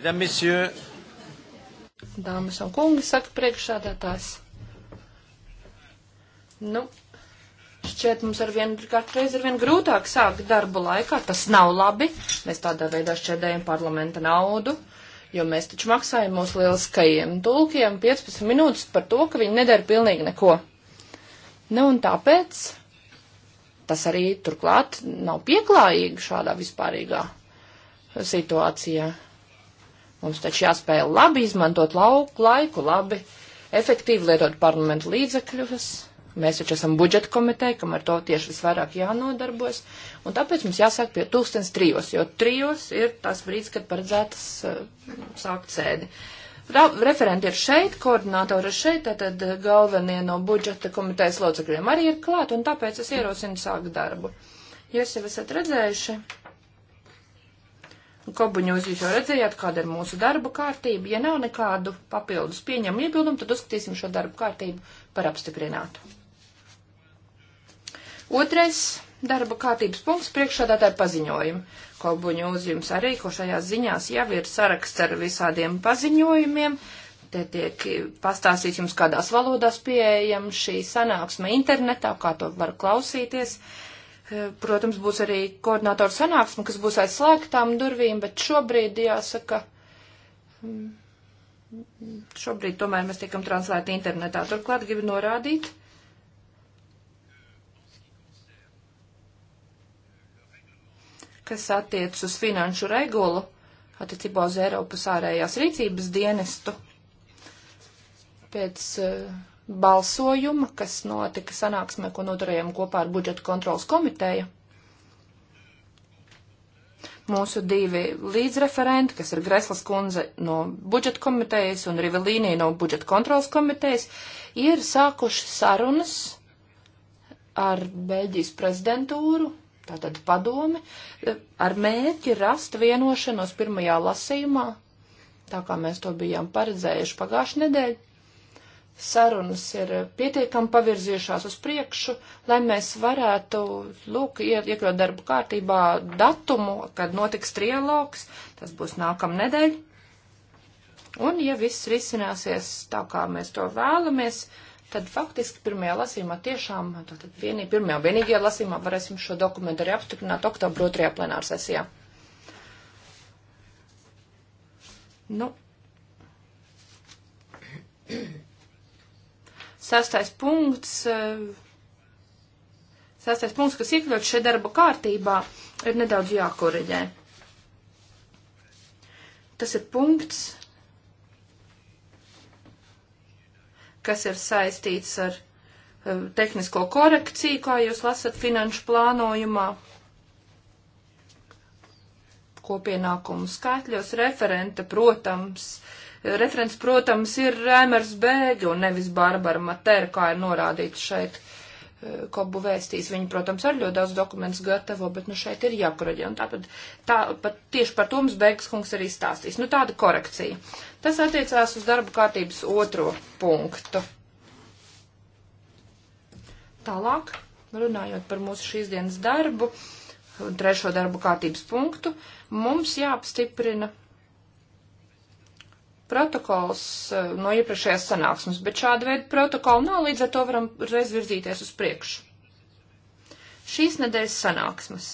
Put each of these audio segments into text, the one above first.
Dāmas un kungi, saka priekšsādātājs. Nu, šķiet mums ar vienu katreiz ar vienu grūtāk sākt darbu laikā. Tas nav labi. Mēs tādā veidā šķēdējam parlamenta naudu, jo mēs taču maksājam mūsu lieliskajiem tulkiem 15 minūtes par to, ka viņi nedara pilnīgi neko. Nu, un tāpēc tas arī turklāt nav pieklājīgi šādā vispārīgā situācijā. Mums taču jāspēj labi izmantot lauku laiku, labi, efektīvi lietot parlamentu līdzekļus. Mēs taču esam budžeta komiteja, kam ar to tieši visvairāk jānodarbojas. Un tāpēc mums jāsāk pie tūkstens trijos, jo trijos ir tas brīdis, kad paredzētas uh, sākt sēdi. Ra referenti ir šeit, koordinātori ir šeit, tad eh, galvenie no budžeta komitejas locekļiem arī ir klāt, un tāpēc es ierosinu sākt darbu. Jūs jau esat redzējuši Kobuņos jūs jau redzējāt, kāda ir mūsu darba kārtība. Ja nav nekādu papildus pieņemu iebildumu, tad uzskatīsim šo darbu kārtību par apstiprinātu. Otrais darba kārtības punkts priekšādātāja paziņojumi. Kobuņos jums arī, ko šajās ziņās jau ir saraksts ar visādiem paziņojumiem. Te tiek pastāstīts jums, kādās valodās pieejam šī sanāksme internetā, kā to var klausīties. Uh, Protams, būs arī koordinātoru sanāksme, kas būs aizslēgtām durvīm, bet šobrīd jāsaka, mm, šobrīd tomēr mēs tiekam translēti internetā. Turklāt gribu norādīt. kas attiec uz finanšu regulu attiecībā uz Eiropas ārējās rīcības dienestu. Pēc uh, balsojuma, kas notika sanāksmē, ko noturējām kopā ar budžeta kontrolas komiteju. Mūsu divi līdzreferenti, kas ir Greslas kundze no budžeta komitejas un Rivelīnija no budžeta kontrolas komitejas, ir sākuši sarunas ar Beļģijas prezidentūru, tātad padomi, ar mērķi rast vienošanos pirmajā lasījumā, tā kā mēs to bijām paredzējuši pagājušajā nedēļā sarunas ir pietiekami pavirzījušās uz priekšu, lai mēs varētu, lūk, iekļaut darbu kārtībā datumu, kad notiks trialogs, tas būs nākam nedēļ. Un, ja viss risināsies tā, kā mēs to vēlamies, tad faktiski pirmajā lasīmā tiešām, tātad vienī, pirmajā vienīgajā lasīmā varēsim šo dokumentu arī apstiprināt oktobra otrajā plenārsesijā. Nu. Sastais punkts. Eh, sastais punkts, kas iekļauts šeit darba kārtībā, ir nedaudz jākoriģē. Tas ir punkts, kas ir saistīts ar eh, tehnisko korekciju, kā jūs lasat finanšu plānojumā. Kopienākumu skaitļos referenta, protams, uh, Referents, protams, ir Rēmers Bēgi un nevis Barbara Matēra, kā ir norādīts šeit. Eh, Kobu vēstīs. Viņi, protams, arī ļoti daudz dokumentus gatavo, bet nu šeit ir jākoreģē. Un tāpat tā, pat tieši par to mums Beigas kungs arī stāstīs. Nu tāda korekcija. Tas attiecās uz darba kārtības otro punktu. Tālāk, runājot par mūsu šīs dienas darbu, trešo darbu kārtības punktu, mums jāapstiprina protokols eh, no iepriekšējās sanāksmes, bet šāda veida protokolu nav, līdz ar to varam reiz virzīties uz priekšu. Šīs nedēļas sanāksmes.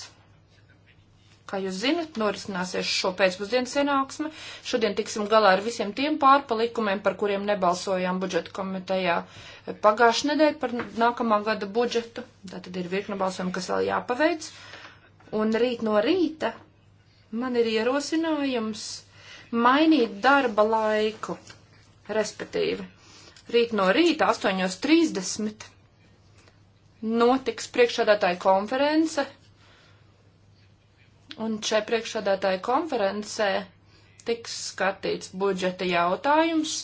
Kā jūs zinat, norisināsies šo pēcpusdienas sanāksme. Šodien tiksim galā ar visiem tiem pārpalikumiem, par kuriem nebalsojām budžeta komitejā pagājušajā nedēļā par nākamā gada budžetu. Tātad ir virkne balsojumu, kas vēl jāpaveic. Un rīt no rīta man ir ierosinājums mainīt darba laiku, respektīvi. Rīt no rīta 8.30 notiks priekšādātāja konference, un šai priekšādātāja konferencē tiks skatīts budžeta jautājums.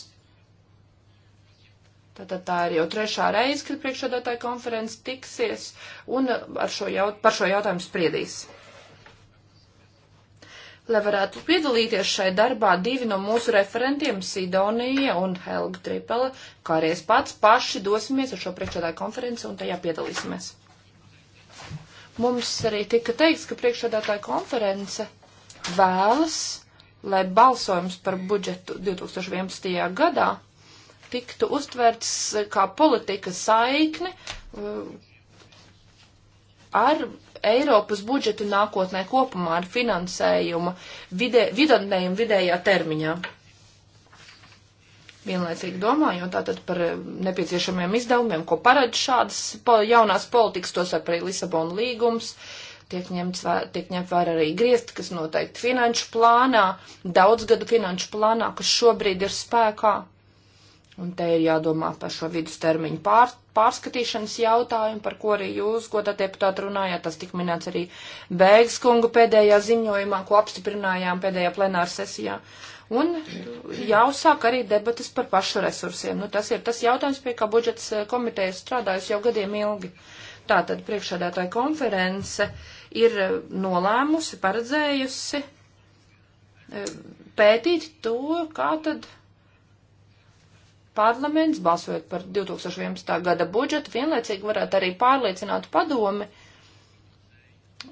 Tātad tā ir jau trešā reize, kad priekšādātāja konference tiksies un šo jaut, par šo jautājumu spriedīs. Lai varētu piedalīties šai darbā, divi no mūsu referentiem, Sidonija un Helga Tripele, kā arī es pats paši dosimies uz šo priekšādāju konferenci un tajā piedalīsimies. Mums arī tika teikts, ka priekšādātāja konference vēlas, lai balsojums par budžetu 2011. gadā tiktu uztverts kā politika saikne uh, ar Eiropas budžetu nākotnē kopumā ar finansējumu vidē, vidotnējumu vidējā termiņā. Vienlaicīgi domājot tātad par eh, nepieciešamiem izdevumiem, ko paredz šādas jaunās politikas, tos arī Lisabona līgums, tiek ņemts vēr, tiek ņemt vērā arī griezti, kas noteikti finanšu plānā, daudzgadu finanšu plānā, kas šobrīd ir spēkā. Un te ir jādomā par šo vidustermiņu pār, pārskatīšanas jautājumu, par ko arī jūs, godā deputāti, runājāt. Tas tika minēts arī Bēgas kunga pēdējā ziņojumā, ko apstiprinājām pēdējā plenāra sesijā. Un jāuzsāk arī debatas par pašu resursiem. Nu, tas ir tas jautājums, pie kā budžets eh, komiteja strādājusi jau gadiem ilgi. Tātad priekšādātāja konference ir eh, nolēmusi, paredzējusi eh, pētīt to, kā tad parlaments, balsojot par 2011. gada budžetu, vienlaicīgi varētu arī pārliecināt padomi.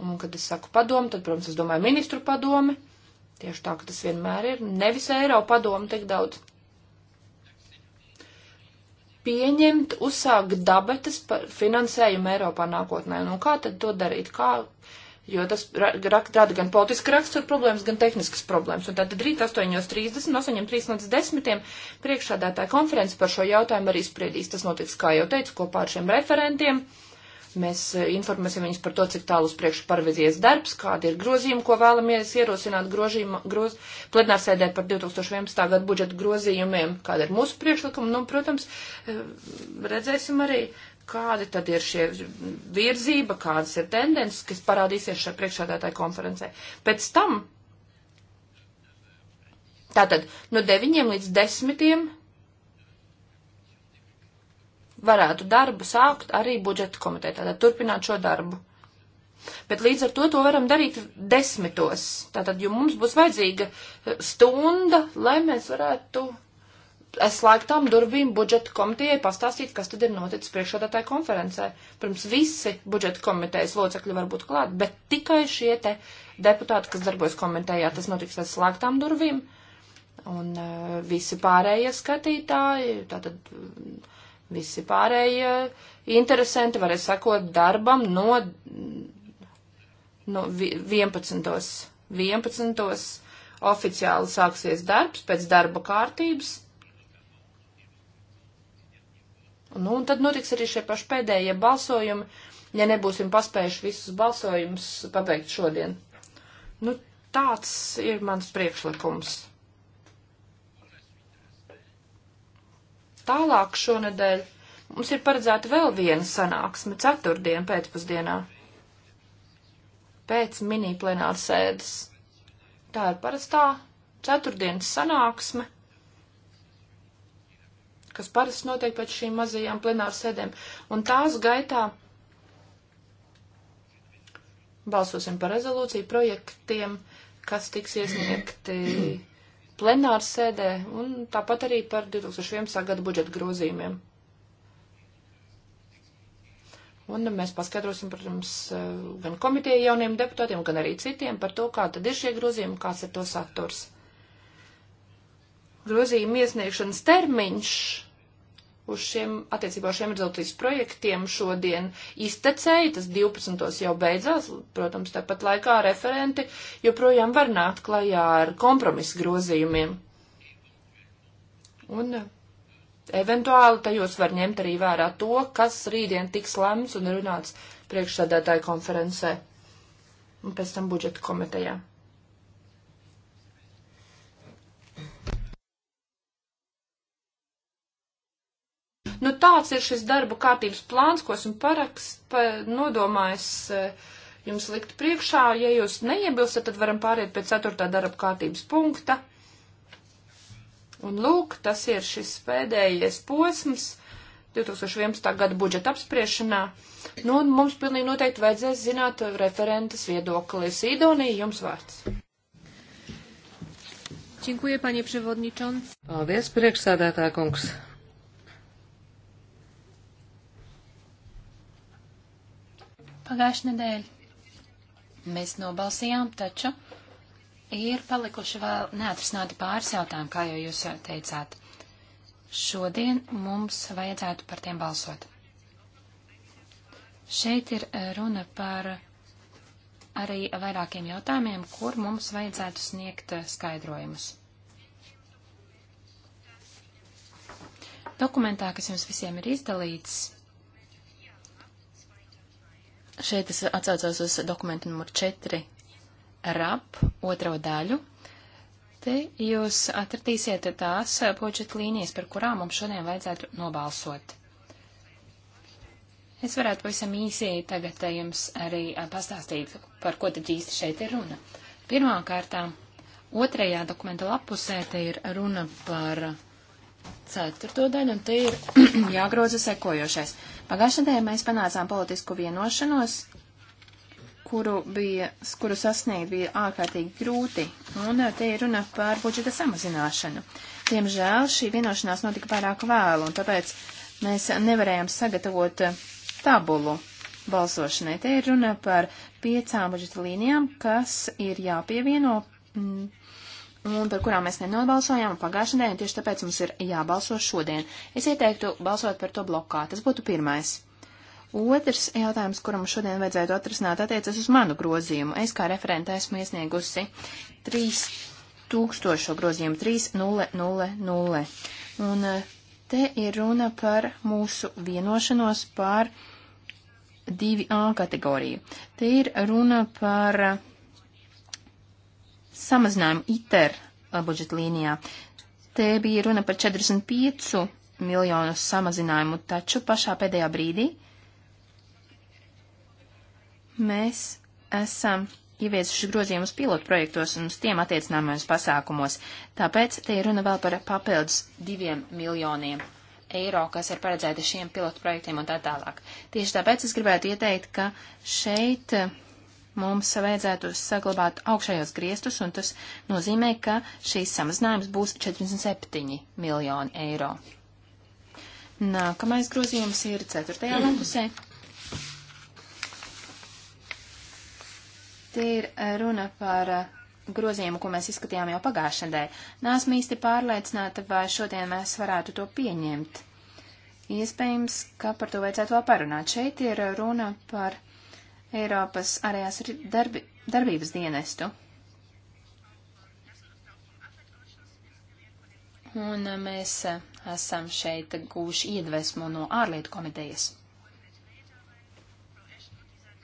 Un, kad es saku padomu, tad, protams, es domāju ministru padomi. Tieši tā, ka tas vienmēr ir. Nevis Eiropa padomu tik daudz. Pieņemt, uzsākt dabetas par finansējumu Eiropā nākotnē. Nu, kā tad to darīt? Kā, jo tas rada gan politiski rakstura problēmas, gan tehniskas problēmas. Un tātad rīt 8.30, 8.30 līdz 10. priekšādātāja konferences par šo jautājumu arī spriedīs. Tas notiks, kā jau teicu, kopā ar šiem referentiem. Mēs eh, informēsim viņus par to, cik tālu uz priekšu parvizies darbs, kādi ir grozījumi, ko vēlamies ierosināt grozījumu, groz, plenārsēdē par 2011. gadu budžetu grozījumiem, kāda ir mūsu priekšlikuma. Nu, protams, eh, redzēsim arī, kāda tad ir šie virzība, kādas ir tendences, kas parādīsies šajā priekšādātāja konferencē. Pēc tam, tātad no 9 līdz 10 varētu darbu sākt arī budžeta komiteja, tātad turpināt šo darbu. Bet līdz ar to to varam darīt desmitos, tātad, jo mums būs vajadzīga stunda, lai mēs varētu slēgtām durvīm budžeta komitejai pastāstīt, kas tad ir noticis priekšādātāja konferencē. Pirms visi budžeta komitejas locekļi var būt klāt, bet tikai šie te deputāti, kas darbojas komitejā, tas notiks aiz slēgtām durvīm. Un uh, visi pārējie skatītāji, tātad mm, visi pārējie interesanti varēs sakot darbam no, no 11. 11. oficiāli sāksies darbs pēc darba kārtības Nu, un tad notiks arī šie paši pēdējie balsojumi, ja nebūsim paspējuši visus balsojumus pabeigt šodien. Nu, tāds ir mans priekšlikums. Tālāk šonedēļ mums ir paredzēta vēl viena sanāksme ceturtdien pēcpusdienā. Pēc mini plenārsēdes. Tā ir parastā ceturtdienas sanāksme kas parasti notiek pēc šīm mazajām plenāru sēdēm. Un tās gaitā balsosim par rezolūciju projektiem, kas tiks iesniegti plenāru sēdē, un tāpat arī par 2011. gada budžeta grozījumiem. Un mēs paskaidrosim, protams, gan komiteju jauniem deputātiem, gan arī citiem par to, kā tad ir šie grozījumi, kāds ir to saturs grozījuma iesniegšanas termiņš uz šiem attiecībā šiem rezultātus projektiem šodien iztecēja, tas 12. jau beidzās, protams, tāpat laikā referenti joprojām var nākt klajā ar kompromisu grozījumiem. Un eh, eventuāli tajos var ņemt arī vērā to, kas rītdien tiks lemts un runāts priekšsādātāju konferencē un pēc tam budžeta komitejā. tāds ir šis darba kārtības plāns, ko esmu parakst, pa, nodomājis e, jums likt priekšā. Ja jūs neiebilstat, tad varam pāriet pie ceturtā darba kārtības punkta. Un lūk, tas ir šis pēdējais posms 2011. gada budžeta apspriešanā. Nu, un mums pilnīgi noteikti vajadzēs zināt referentes viedokli. Sidonija, jums vārds. Činkuja, paņi, Paldies, priekšsādētā kungs. pagājušajā nedēļā mēs nobalsījām, taču ir palikuši vēl neatrisināti pāris jautājumi, kā jau jūs teicāt. Šodien mums vajadzētu par tiem balsot. Šeit ir eh, runa par arī vairākiem jautājumiem, kur mums vajadzētu sniegt eh, skaidrojumus. Dokumentā, kas jums visiem ir izdalīts, Šeit es atsaucos uz dokumentu numur 4, RAP, otro daļu. Te jūs atradīsiet tās budžeta līnijas, par kurām mums šodien vajadzētu nobalsot. Es varētu pavisam īsi tagad jums arī pastāstīt, par ko tad īsti šeit ir runa. Pirmā kārtā, otrajā dokumenta lapusē te ir runa par ceturto daļu, un te ir jāgroza sekojošais. Pagājušajā nedēļā mēs panācām politisku vienošanos, kuru, bija, kuru sasniegt bija ārkārtīgi grūti, un eh, te ir runa par budžeta samazināšanu. Diemžēl šī vienošanās notika pārāk vēlu, un tāpēc mēs nevarējām sagatavot eh, tabulu balsošanai. Te ir runa par piecām budžeta līnijām, kas ir jāpievieno un par kurām mēs nenobalsojām pagājušajā nedēļā, tieši tāpēc mums ir jābalso šodien. Es ieteiktu balsot par to blokā, tas būtu pirmais. Otrs jautājums, kuram šodien vajadzētu atrisināt, attiecas uz manu grozījumu. Es kā referenta esmu iesniegusi 3000 grozījumu, 3000. Un eh, te ir runa par mūsu vienošanos par 2A kategoriju. Te ir runa par samazinājumu ITER budžeta līnijā. Te bija runa par 45 miljonu samazinājumu, taču pašā pēdējā brīdī mēs esam ieviesuši grozījumus pilotu projektos un uz tiem attiecināmajos pasākumos. Tāpēc te ir runa vēl par papildus diviem miljoniem eiro, kas ir paredzēti šiem pilotu projektiem un tā tālāk. Tieši tāpēc es gribētu ieteikt, ka šeit mums vajadzētu saglabāt augšējos griestus, un tas nozīmē, ka šīs samazinājums būs 47 miljoni eiro. Nākamais grozījums ir 4. lapusē. Te ir eh, runa par eh, grozījumu, ko mēs izskatījām jau pagājušajā nedēļā. Nāsmu īsti pārliecināta, vai šodien mēs varētu to pieņemt. Iespējams, ka par to vajadzētu vēl parunāt. Šeit ir eh, runa par Eiropas arējās darbi, darbības dienestu. Un uh, mēs uh, esam šeit gūši iedvesmu no ārlietu komitejas.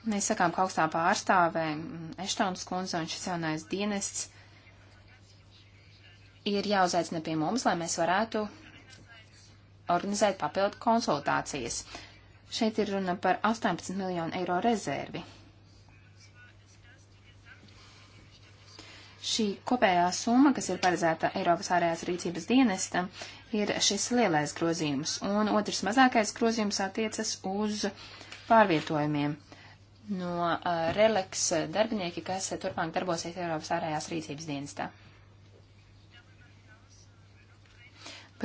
Mēs sakām, ka augstā pārstāvē mm, Eštons kundze un šis jaunais dienests ir jāuzaicina pie mums, lai mēs varētu organizēt papildu konsultācijas. Šeit ir runa par 18 miljonu eiro rezervi. Šī kopējā summa, kas ir paredzēta Eiropas ārējās rīcības dienestam, ir šis lielais grozījums, un otrs mazākais grozījums attiecas uz pārvietojumiem no uh, releks darbinieki, kas turpmāk darbosies Eiropas ārējās rīcības dienestā.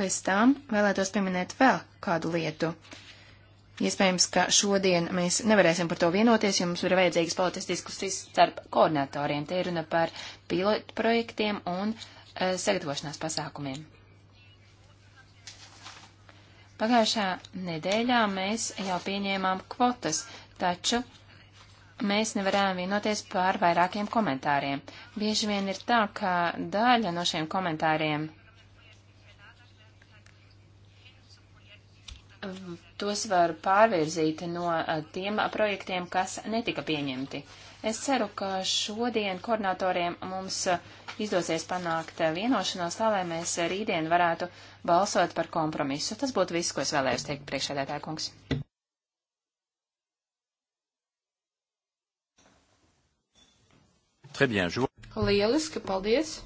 Pēc tam vēlētos pieminēt vēl kādu lietu. Uh, Iespējams, ka šodien mēs nevarēsim par to vienoties, jo mums ir vajadzīgas politiskas diskusijas starp koordinatoriem. Te ir runa par pilotu projektiem un e, sagatavošanās pasākumiem. Pagājušā nedēļā mēs jau pieņēmām kvotas, taču mēs nevarējām vienoties par vairākiem komentāriem. Bieži vien ir tā, ka daļa no šiem komentāriem tos var pārvirzīt no eh, tiem projektiem, kas netika pieņemti. Es ceru, ka šodien koordinatoriem mums eh, izdosies panākt eh, vienošanos, tā lai mēs rītdien varētu balsot par kompromisu. Tas būtu viss, ko es vēlējos teikt priekšsēdētāju kungs. Très bien, je vous... Lieliski, paldies!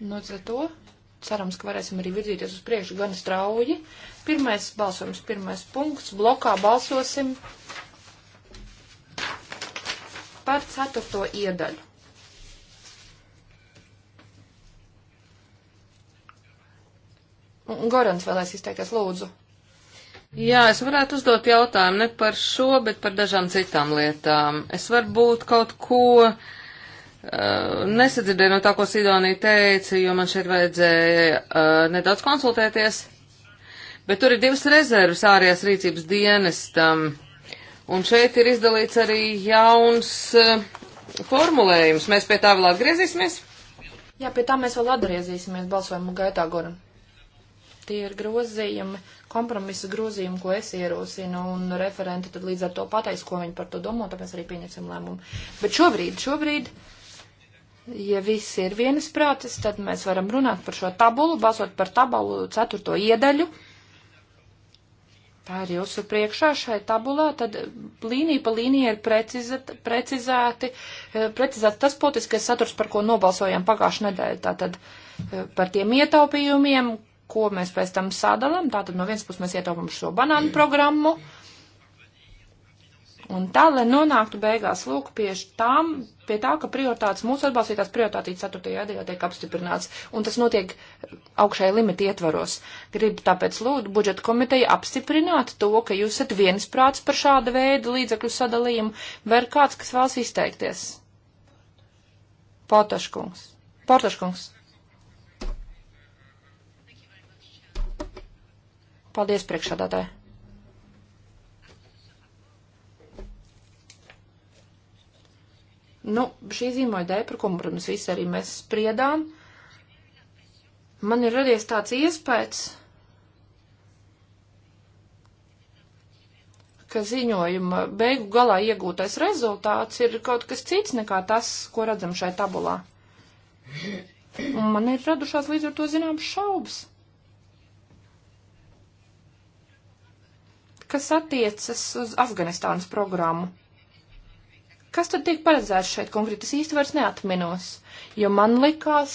Nu, no, to cerams, ka varēsim arī virzīties uz priekšu gan strauji. Pirmais balsojums, pirmais punkts, blokā balsosim par ceturto iedaļu. Gorans vēlēs izteikties, lūdzu. Jā, es varētu uzdot jautājumu ne par šo, bet par dažām citām lietām. Es varbūt kaut ko uh, Uh, nesadzirdēju no tā, ko Sidonija teica, jo man šeit vajadzēja uh, nedaudz konsultēties, bet tur ir divas rezervas ārējās rīcības dienestam, un šeit ir izdalīts arī jauns uh, formulējums. Mēs pie tā vēl atgriezīsimies? Jā, pie tā mēs vēl atgriezīsimies balsojumu gaitā, Goran. Tie ir grozījumi, kompromisa grozījumi, ko es ierosinu, un referenti tad līdz ar to pateiks, ko viņi par to domā, tāpēc arī pieņemsim lēmumu. Bet šobrīd, šobrīd. Uh, Ja visi ir vienisprātis, tad mēs varam runāt par šo tabulu, basot par tabulu ceturto iedaļu. Tā ir jūsu priekšā šai tabulā, tad līnija pa līnija ir precizēt, precizēti, eh, precizēts tas politiskais saturs, par ko nobalsojām pagājušajā nedēļā. Tātad eh, par tiem ietaupījumiem, ko mēs pēc tam sadalām. Tātad no vienas puses mēs ietaupām šo banānu programmu. Mm Un tā, lai nonāktu beigās, lūk, pie tām, pie tā, ka prioritātes mūsu atbalstītās prioritātīs 4. adaļā tiek apstiprināts, un tas notiek augšējai limiti ietvaros. Gribu tāpēc lūgt budžeta komiteja apstiprināt to, ka jūs esat viensprāts par šāda veida līdzekļu sadalījumu, vai ir kāds, kas vēlas izteikties? Potaškungs. Potaškungs. Paldies priekšādātāji. Nu, šī zīmoja dēļ, par ko, protams, visi arī mēs spriedām, man ir radies tāds iespējas, ka ziņojuma beigu galā iegūtais rezultāts ir kaut kas cits nekā tas, ko redzam šai tabulā. Un man ir radušās līdz ar to zināmas šaubas. Kas attiecas uz Afganistānas programmu? Kas tad tiek paredzēts šeit konkrēti? Es īsti vairs neatminos, jo man likās,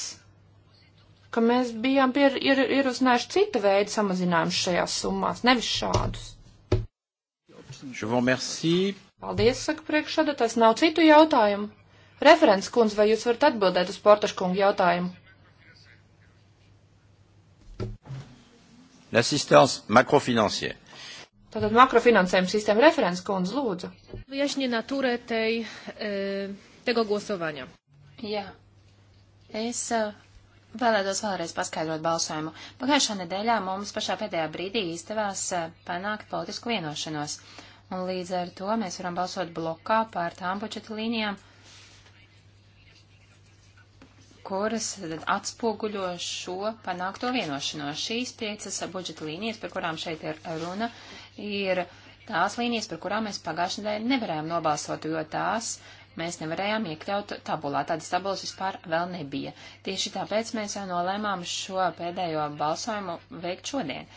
ka mēs bijām pier, ir, ierosinājuši cita veida samazinājumus šajās summās, nevis šādus. Paldies, saka priekšsādātājs. Nav citu jautājumu. Referents kundze, vai jūs varat atbildēt uz portaškungu jautājumu? L'assistance macrofinancière. Tātad makrofinansējuma sistēma referents kundze lūdzu. Viešņi natūrē tei e, tego gosovaņa. Jā. Es e, vēlētos vēlreiz paskaidrot balsojumu. Pagājušā nedēļā mums pašā pēdējā brīdī izdevās e, panākt politisku vienošanos. Un līdz ar to mēs varam balsot blokā par tām budžeta līnijām, kuras atspoguļo šo panākto vienošanos. Šīs piecas budžeta līnijas, par kurām šeit ir runa, ir tās līnijas, par kurām mēs pagājušajā nedēļā nevarējām nobalsot, jo tās mēs nevarējām iekļaut tabulā. Tādas tabulas vispār vēl nebija. Tieši tāpēc mēs jau nolēmām šo pēdējo balsojumu veikt šodien.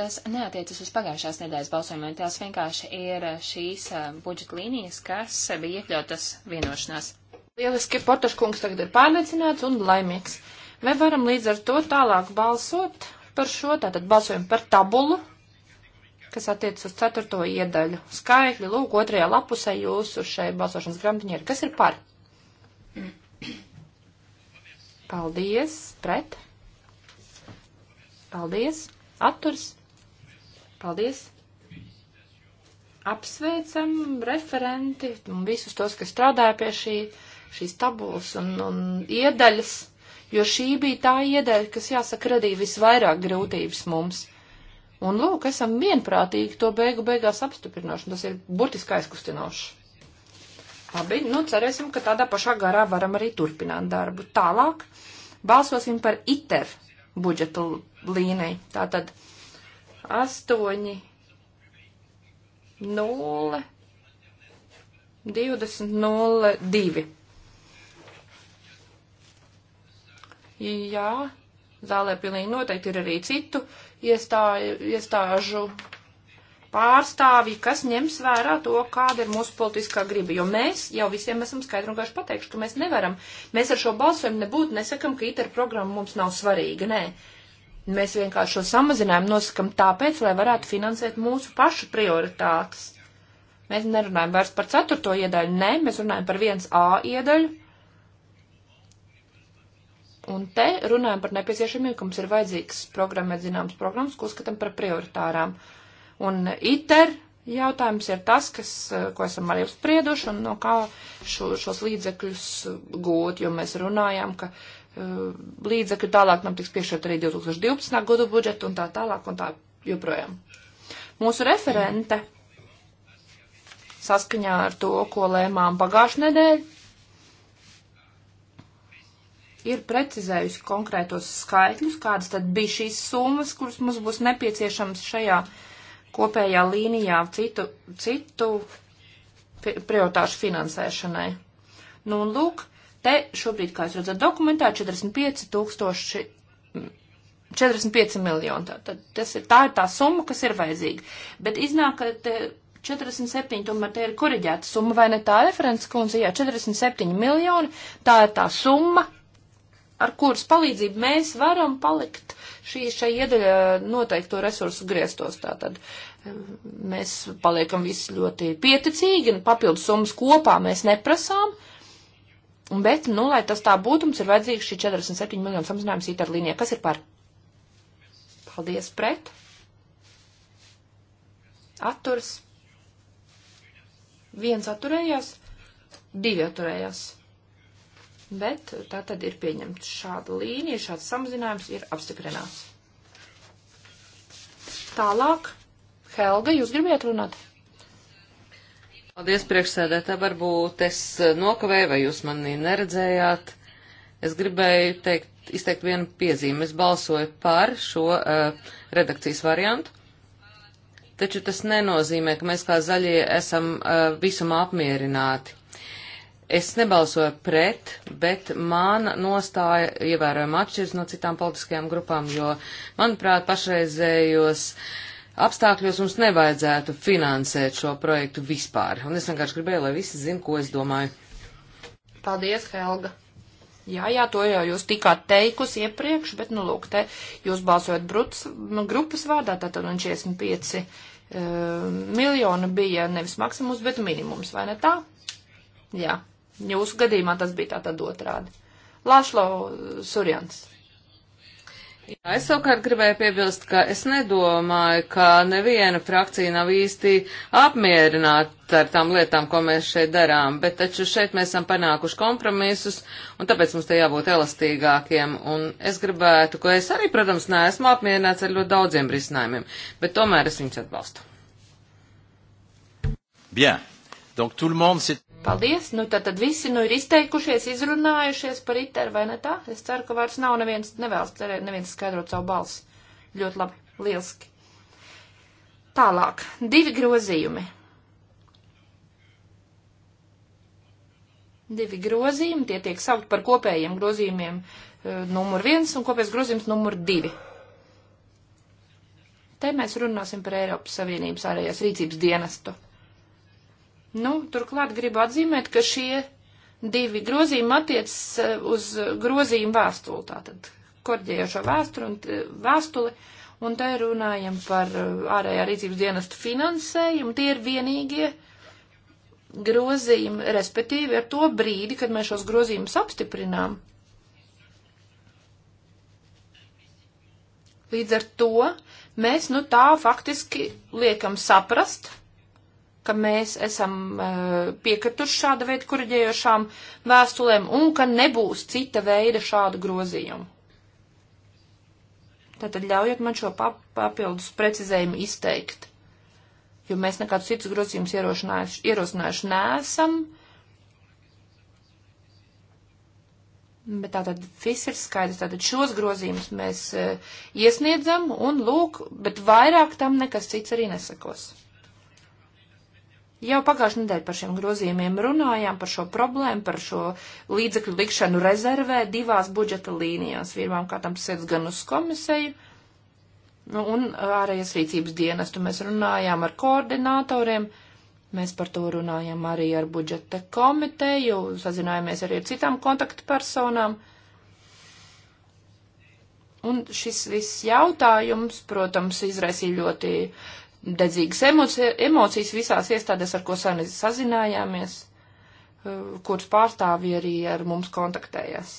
Tas neatiecas uz pagājušās nedēļas balsojumiem, tās vienkārši ir šīs eh, budžeta līnijas, kas bija iekļautas vienošanās. Lieliski, Portaškungs tagad ir pārliecināts un laimīgs. Vai varam līdz ar to tālāk balsot par šo, tātad balsojumu par tabulu, kas attiec uz ceturto iedaļu skaitļu. Lūk, otrajā lapusē jūsu šai balsošanas grāmatiņā ir. Kas ir par? Paldies. Pret. Paldies. Atturs. Paldies. Apsveicam referenti un visus tos, kas strādāja pie šī, šīs tabulas un, un iedaļas, jo šī bija tā iedaļa, kas, jāsaka, radīja visvairāk grūtības mums. Un, lūk, esam vienprātīgi to beigu beigās apstiprinoši, un tas ir burtiski aizkustinoši. Labi, nu cerēsim, ka tādā pašā garā varam arī turpināt darbu. Tālāk balsosim par ITER budžeta līniju. Tātad 8, 0, 20, 0, 2. Jā, zālē pilnīgi noteikti ir arī citu iestāju, iestāžu pārstāvji, kas ņems vērā to, kāda ir mūsu politiskā griba. Jo mēs jau visiem esam skaidri un gaiši pateikuši, ka mēs nevaram. Mēs ar šo balsojumu nebūtu nesakam, ka ITER programma mums nav svarīga. Nē. Mēs vienkārši šo samazinājumu nosakam tāpēc, lai varētu finansēt mūsu pašu prioritātes. Mēs nerunājam vairs par ceturto iedaļu, nē, mēs runājam par viens A iedaļu, Un te runājam par nepieciešamību, ka mums ir vajadzīgs programmēt zināmas programmas, ko uzskatām par prioritārām. Un ITER jautājums ir tas, kas, eh, ko esam arī sprieduši un no kā šo, šos līdzekļus gūt, jo mēs runājam, ka uh, eh, līdzekļi tālāk tam tiks piešķirt arī 2012. gadu budžetu un tā tālāk un tā joprojām. Mūsu referente saskaņā ar to, ko lēmām pagājušajā nedēļā, ir precizējusi konkrētos skaitļus, kādas tad bija šīs summas, kuras mums būs nepieciešams šajā kopējā līnijā citu, citu prioritāšu finansēšanai. Nu, un lūk, te šobrīd, kā jūs redzat dokumentā, 45 tūkstoši 45 miljoni. Tātad tas ir, tā ir tā summa, kas ir vajadzīga. Bet iznāk, ka 47 tomēr te ir koriģēta summa, vai ne tā referents kundze? Jā, 47 miljoni, tā ir tā summa, ar kuras palīdzību mēs varam palikt šī, šai iedaļā noteikto resursu griestos. Tātad mēs paliekam visi ļoti pieticīgi un papildus summas kopā mēs neprasām. Bet, nu, lai tas tā būtu, mums ir vajadzīgs šī 47 miljonu samazinājums ITR līnijā. Kas ir par? Paldies pret. Atturs. Viens atturējās, divi atturējās bet tā tad ir pieņemta šāda līnija, šāds samazinājums ir apstiprināts. Tālāk, Helga, jūs gribējāt runāt? Paldies, priekšsēdētā, varbūt es eh, nokavēju, vai jūs mani neredzējāt. Es gribēju teikt, izteikt vienu piezīmi. Es balsoju par šo uh, redakcijas variantu, taču tas nenozīmē, ka mēs kā zaļie esam uh, visumā apmierināti. Es nebalsoju pret, bet mana nostāja ievērojami atšķiras no citām politiskajām grupām, jo, manuprāt, pašreizējos apstākļos mums nevajadzētu finansēt šo projektu vispār. Un es vienkārši gribēju, lai visi zina, ko es domāju. Paldies, Helga! Jā, jā, to jau jūs tikāt teikusi iepriekš, bet, nu, lūk, te jūs balsojat bruts, nu, grupas vārdā, tātad un 45 uh, miljoni bija nevis maksimums, bet minimums, vai ne tā? Jā. Jūsu gadījumā tas bija tātad otrādi. Lašlo Surjans. Jā, es savukārt gribēju piebilst, ka es nedomāju, ka neviena frakcija nav īsti apmierināta ar tām lietām, ko mēs šeit darām, bet taču šeit mēs esam panākuši kompromisus, un tāpēc mums te jābūt elastīgākiem, un es gribētu, ka es arī, protams, neesmu apmierināts ar ļoti daudziem risinājumiem, bet tomēr es viņus atbalstu. Bien. Donc tout le monde s'est Paldies! Nu, tad, tad visi nu, ir izteikušies, izrunājušies par ITER, vai ne tā? Es ceru, ka vairs nav neviens, nevēlas cerēt, neviens skaidrot savu balsi. Ļoti labi, lieliski. Tālāk, divi grozījumi. Divi grozījumi, tie tiek saukt par kopējiem grozījumiem eh, numur viens un kopējs grozījums numur divi. Te mēs runāsim par Eiropas Savienības ārējās rīcības dienestu. Nu, turklāt gribu atzīmēt, ka šie divi grozījumi attiecas eh, uz grozījumu vēstuli, tātad korģējošo vēstuli un, eh, vēstuli, un te runājam par eh, ārējā rīcības dienesta finansējumu. Tie ir vienīgie grozījumi, respektīvi ar to brīdi, kad mēs šos grozījumus apstiprinām. Līdz ar to mēs nu tā faktiski liekam saprast, ka mēs esam eh, piekrituši šāda veida kuraģējošām vēstulēm un ka nebūs cita veida šādu grozījumu. Tātad ļaujiet man šo papildus precizējumu izteikt, jo mēs nekādus citus grozījumus ierosinājuši, ierosinājuši nesam. Bet tātad viss ir skaidrs. Tātad šos grozījumus mēs eh, iesniedzam un lūk, bet vairāk tam nekas cits arī nesakos. Jau pagājušajā nedēļā par šiem grozījumiem runājām, par šo problēmu, par šo līdzekļu likšanu rezervē divās budžeta līnijās. Pirmām kārtām tas iet gan uz komisiju, nu, un ārējas rīcības dienestu mēs runājām ar koordinatoriem. Mēs par to runājam arī ar budžeta komiteju, sazinājāmies arī ar citām kontaktpersonām. Un šis viss jautājums, protams, izraisīja ļoti uh, dedzīgas emoci emocijas visās iestādēs, ar ko sazinājāmies, eh, kuras pārstāvji arī ar mums kontaktējās.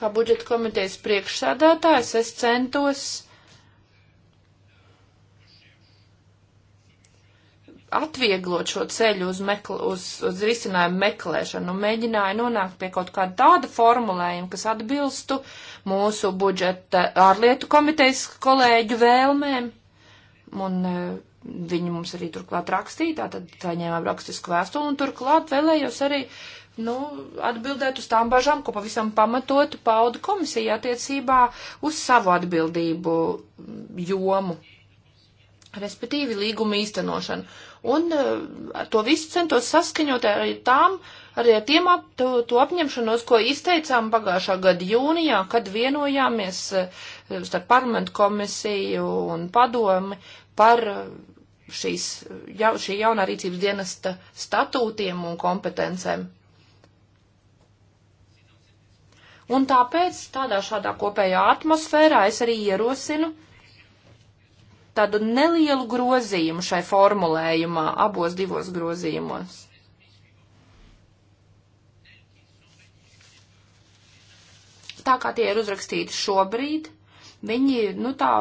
Kā budžeta komitejas priekšsādātājs es centos atvieglot šo ceļu uz, mekl, uz, uz risinājumu meklēšanu un nu, mēģināju nonākt pie kaut kāda tāda formulējuma, kas atbilstu uh, mūsu budžeta ārlietu komitejas kolēģu vēlmēm. Un e, viņi mums arī turklāt rakstīja, tātad saņēmām rakstisku vēstuli un turklāt vēlējos arī nu, atbildēt uz tām bažām, ko pavisam pamatotu pauda komisija attiecībā uz savu atbildību jomu, respektīvi līguma īstenošanu un eh, to visu centos saskaņot ar tām, arī ar tiem ap, to, to apņemšanos, ko izteicām pagājušā gada jūnijā, kad vienojāmies eh, starp parlamentu komisiju un padomi par eh, šīs, ja, šī jaunā rīcības dienesta statūtiem un kompetencēm. Un tāpēc tādā šādā kopējā atmosfērā es arī ierosinu, uh, tādu nelielu grozījumu šai formulējumā, abos divos grozījumos. Tā kā tie ir uzrakstīti šobrīd, viņi, nu tā,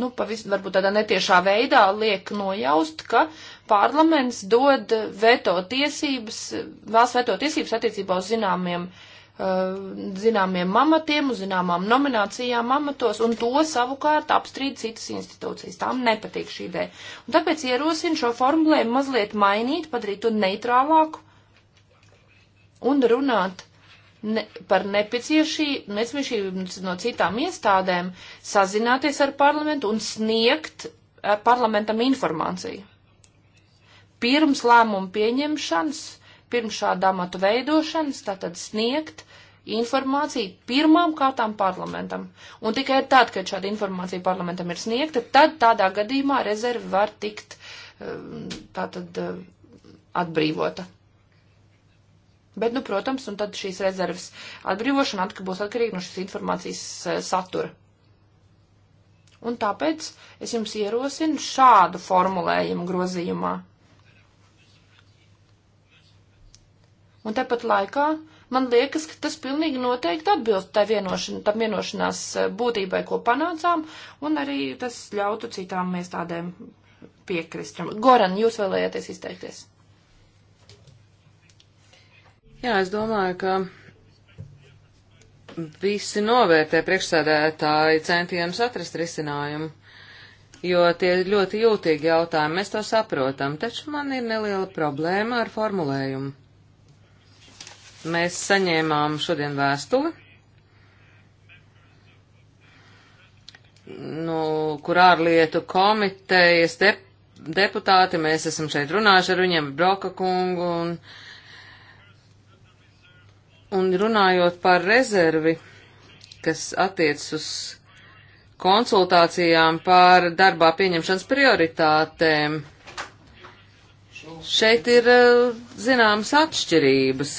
nu pavis, varbūt tādā netiešā veidā liek nojaust, ka parlaments dod veto tiesības, valsts veto tiesības attiecībā uz zināmiem uh, Eh, zināmiem amatiem, uz zināmām nominācijām amatos, un to savukārt apstrīd citas institūcijas. Tām nepatīk šī ideja. Un tāpēc ierosinu šo formulējumu mazliet mainīt, padarīt to neitrālāku un runāt ne, par nepieciešību no citām iestādēm sazināties ar parlamentu un sniegt eh, parlamentam informāciju. Pirms lēmumu pieņemšanas pirms šāda amatu veidošanas, tātad sniegt informāciju pirmām kārtām parlamentam. Un tikai tad, kad šāda informācija parlamentam ir sniegta, tad tādā gadījumā rezerve var tikt um, tātad uh, atbrīvota. Bet, nu, protams, un tad šīs rezerves atbrīvošana atkal būs atkarīga no šīs informācijas uh, satura. Un tāpēc es jums ierosinu šādu formulējumu grozījumā. Un tepat laikā man liekas, ka tas pilnīgi noteikti atbilst tai vienošan, tam vienošanās e, būtībai, ko panācām, un arī tas ļautu citām mēs tādēm piekrist. Goran, jūs vēlējāties izteikties? Jā, es domāju, ka visi novērtē priekšsēdētāji centienus atrast risinājumu, jo tie ir ļoti jūtīgi jautājumi, mēs to saprotam, taču man ir neliela problēma ar formulējumu. Mēs saņēmām šodien vēstuli, no nu, kur ārlietu komitejas dep deputāti, mēs esam šeit runājuši ar viņiem, Broka kungu, un, un runājot par rezervi, kas attiec uz konsultācijām par darbā pieņemšanas prioritātēm. Šeit ir eh, zināmas atšķirības.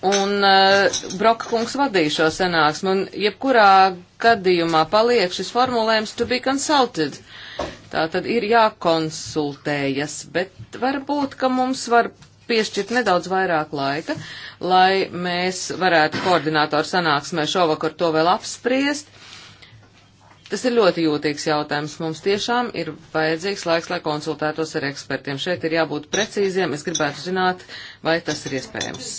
Un uh, Broka kungs vadīja šo sanāksmu, un jebkurā gadījumā paliek šis formulējums to be consulted. Tā tad ir jākonsultējas, bet varbūt, ka mums var piešķirt nedaudz vairāk laika, lai mēs varētu koordinātoru sanāksmē šovakar to vēl apspriest. Tas ir ļoti jūtīgs jautājums. Mums tiešām ir vajadzīgs laiks, lai konsultētos ar ekspertiem. Šeit ir jābūt precīziem. Es gribētu zināt, vai tas ir iespējams.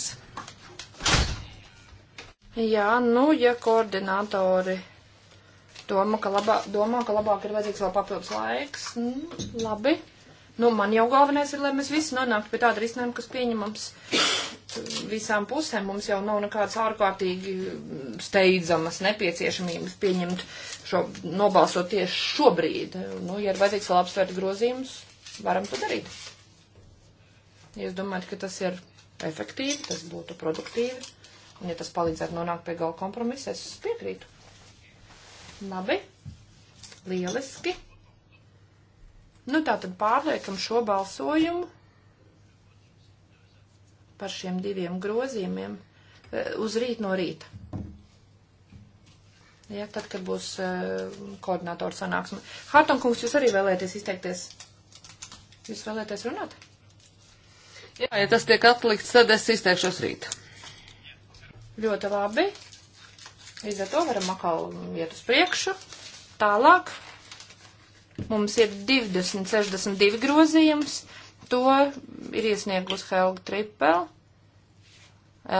Jā, nu, ja koordinātori domā, ka, labā, domā, ka labāk ir vajadzīgs vēl papildus laiks, nu, labi. Nu, man jau galvenais ir, lai mēs visi nonāktu pie tāda risinājuma, kas pieņemams visām pusēm. Mums jau nav nekādas ārkārtīgi steidzamas nepieciešamības pieņemt šo, nobalsot tieši šobrīd. Nu, ja ir vajadzīgs vēl apsvērt grozījumus, varam to darīt. Ja jūs domājat, ka tas ir efektīvi, tas būtu produktīvi, un ja tas palīdzētu nonākt pie gala kompromisa, es piekrītu. Labi, lieliski. Nu, tā tad pārliekam šo balsojumu par šiem diviem grozījumiem e, uz rīt no rīta. Ja, tad, kad būs uh, e, koordinātora sanāksme. Hārtonkungs, jūs arī vēlēties izteikties? Jūs vēlēties runāt? Jā, ja tas tiek atlikts, tad es izteikšos rīt. Ļoti labi. Līdz ar to varam atkal iet uz priekšu. Tālāk. Mums ir 20, 62 grozījums. To ir iesniegus Helga Tripel.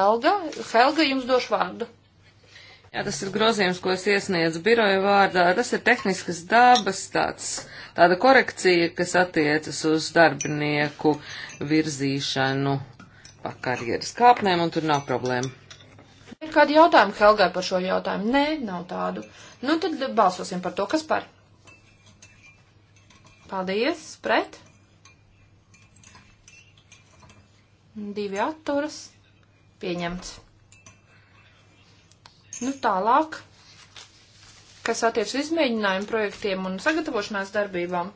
Elga, Helga, jums došu vārdu. Jā, tas ir grozījums, ko es iesniedzu biroju vārdā. Tas ir tehniskas dabas tāds, tāda korekcija, kas attiecas uz darbinieku virzīšanu pa karjeras kāpnēm, un tur nav problēma. Ir kādi jautājumi Helgai par šo jautājumu? Nē, nav tādu. Nu, tad balsosim par to, kas par. Paldies, pret. Divi atturas. Pieņemts. Nu, tālāk, kas attiec uz izmēģinājumu projektiem un sagatavošanās darbībām.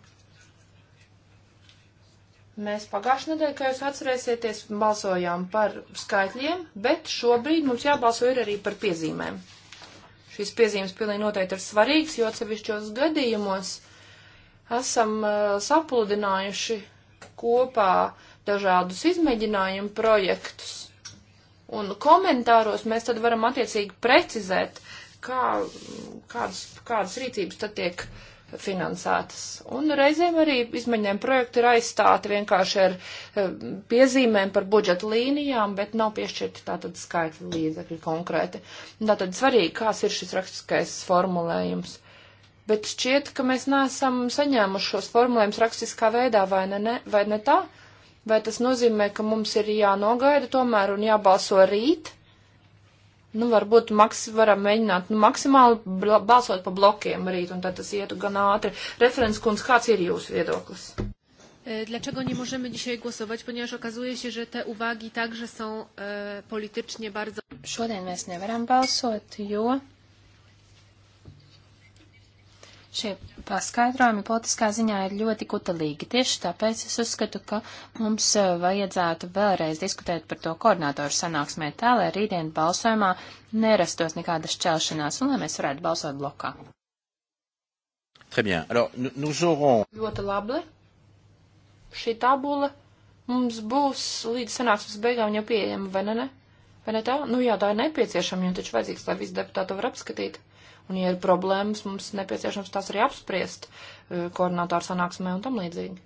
Mēs pagājušajā nedēļā, kā jūs atcerēsieties, balsojām par skaitļiem, bet šobrīd mums jābalso ir arī par piezīmēm. Šīs piezīmes pilnīgi noteikti ir svarīgas, jo atsevišķos gadījumos esam uh, sapludinājuši kopā dažādus izmēģinājumu projektus Un komentāros mēs tad varam attiecīgi precizēt, kā, kādas, kādas rīcības tad tiek finansētas. Un reizēm arī izmaiņiem projekti ir aizstāti vienkārši ar eh, piezīmēm par budžeta līnijām, bet nav piešķirti tātad skaitli līdzekļi konkrēti. Tātad svarīgi, kāds ir šis rakstiskais formulējums. Bet šķiet, ka mēs neesam saņēmuši šos formulējumus rakstiskā veidā, vai ne, ne, vai ne tā? Uh, Vai tas nozīmē, ka mums ir jānogaida tomēr un jābalso rīt? Nu, varbūt maks, varam mēģināt nu, maksimāli balsot pa blokiem rīt, un tad tas ietu gan ātri. Referents kundz, kāds ir jūsu viedoklis? E, dlaczego nie możemy dzisiaj głosować? Ponieważ okazuje się, że te uwagi także są e, politycznie bardzo. Šodien mēs nevaram balsot, jo Šie paskaidrojumi politiskā ziņā ir ļoti kutelīgi. Tieši tāpēc es uzskatu, ka mums eh, vajadzētu vēlreiz diskutēt par to koordinātoru sanāksmē tā, lai rītdien balsojumā nerastos nekādas šķelšanās un lai mēs varētu balsot blokā. Très bien. Alors, nous aurons... Ļoti labi. Šī tabula mums būs līdz sanāksmes beigām jau pieejama, vai ne? ne? Vai ne tā? Nu jā, tā ir nepieciešama, jo taču vajadzīgs, lai visi deputāti var apskatīt. Un, ja ir problēmas, mums nepieciešams tās arī apspriest eh, koordinātāru sanāksmē un tam līdzīgi.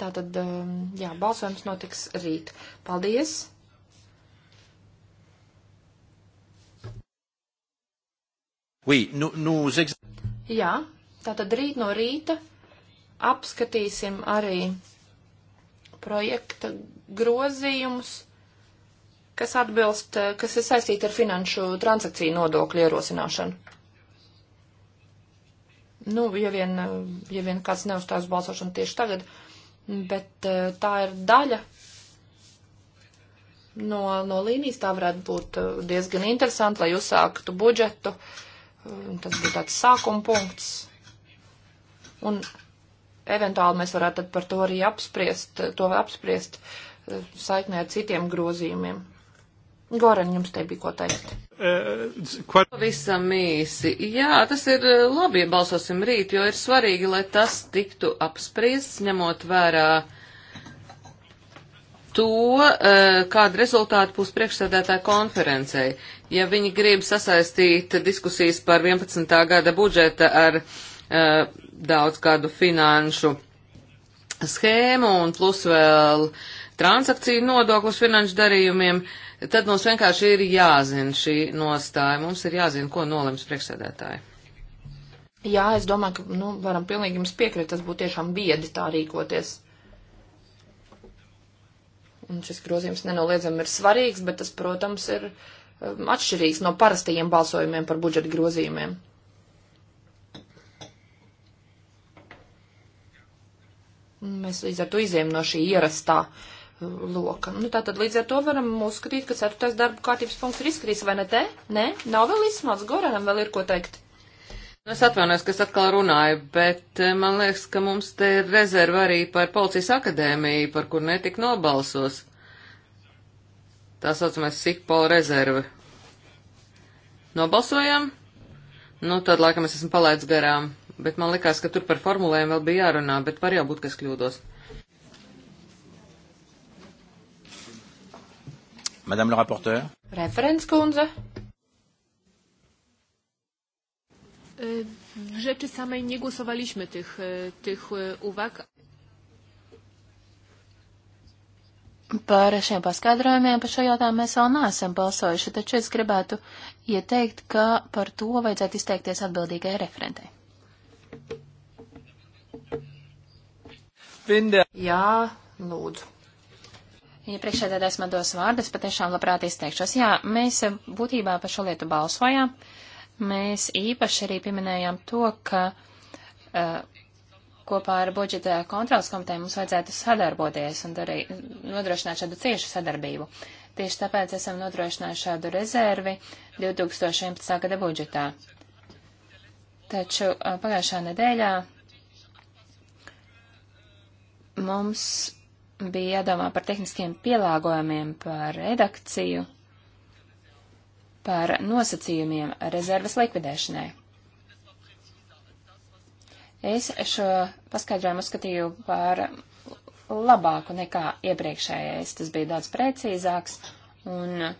Tātad, ehm, jā, balsojums notiks rīt. Paldies! Oui, nu, nu, ex... Jā, tātad rīt no rīta apskatīsim arī projekta grozījumus kas atbilst, eh, kas ir saistīta ar finanšu transakciju nodokļu ierosināšanu. Nu, ja vien, eh, ja vien kāds neuzstās balsošanu tieši tagad, bet eh, tā ir daļa no, no līnijas, tā varētu būt diezgan interesanti, lai uzsāktu budžetu. Tas būtu tāds sākuma punkts. Un eventuāli mēs varētu par to arī apspriest, to apspriest saiknē ar citiem grozījumiem. Goran, jums te bija ko teikt. Eh, Pavisam īsi. Jā, tas ir eh, labi, ja balsosim rīt, jo ir svarīgi, lai tas tiktu apspriests, ņemot vērā to, eh, kāda rezultāta būs priekšsēdētāja konferencei. Ja viņi grib sasaistīt diskusijas par 11. gada budžeta ar uh, daudz kādu finanšu schēmu un plus vēl transakciju nodoklis finanšu darījumiem, uh, tad mums vienkārši ir jāzina šī nostāja, mums ir jāzina, ko nolems priekšsēdētāji. Jā, es domāju, ka nu, varam pilnīgi jums piekrist, tas būtu tiešām biedi tā rīkoties. Un šis grozījums nenoliedzami ir svarīgs, bet tas, protams, ir um, atšķirīgs no parastajiem balsojumiem par budžeta grozījumiem. Mēs līdz ar to izējām no šī ierastā uh, lokam. Nu, tātad līdz ar to varam uzskatīt, ka ceturtais darba kārtības punkts ir izskrīs, vai ne te? Nē, nav vēl izsmāts, Goranam vēl ir ko teikt. Nu, es atvainojos, ka es atkal runāju, bet eh, man liekas, ka mums te ir rezerva arī par policijas akadēmiju, par kur netika nobalsos. Tā saucamais SIKPOL rezerva. Nobalsojam? Nu, tad laikam es esmu palaidis garām, bet man likās, ka tur par formulēm vēl bija jārunā, bet var jau būt, kas kļūdos. Madame le rapporteur. Referents kundze. E, Rzeczy samej nie głosowaliśmy tych, e, tych e, uwag. Par šiem paskaidrojumiem par šo jautājumu mēs vēl neesam balsojuši, taču es gribētu ieteikt, ka par to vajadzētu izteikties atbildīgai referentei. Jā, lūdzu. Ja priekšsēdētājs man dos vārdu, es patiešām labprāt izteikšos. Jā, mēs eh, būtībā par šo lietu balsojām. Mēs īpaši arī pieminējām to, ka uh, kopā ar budžeta kontrolas komiteju mums vajadzētu sadarboties un arī nodrošināt šādu ciešu sadarbību. Tieši tāpēc esam nodrošinājuši šādu rezervi 2011. gada budžetā. Taču uh, pagājušā nedēļā mums bija jādomā par tehniskiem pielāgojumiem, par redakciju, par nosacījumiem rezerves likvidēšanai. Es šo paskaidrojumu uzskatīju par labāku nekā iepriekšējais. Tas bija daudz precīzāks, un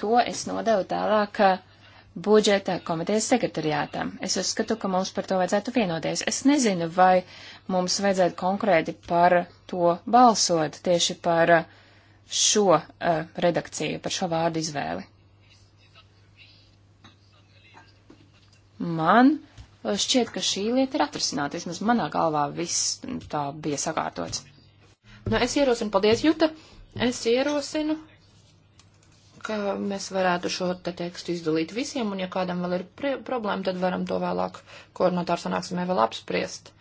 to es nodevu tālāk budžeta komitejas sekretariātam. Es uzskatu, ka mums par to vajadzētu vienoties. Es nezinu, vai uh, mums vajadzētu konkrēti par to balsot, tieši par uh, šo uh, redakciju, par šo vārdu izvēli. Man uh, šķiet, ka šī lieta ir atrisināta. Vismaz manā galvā viss tā bija sakārtots. Nu, es ierosinu, paldies, Juta. Es ierosinu, ka mēs varētu šo te tekstu izdalīt visiem, un ja kādam vēl ir problēma, tad varam to vēlāk koordinātāru sanāksimē vēl apspriest.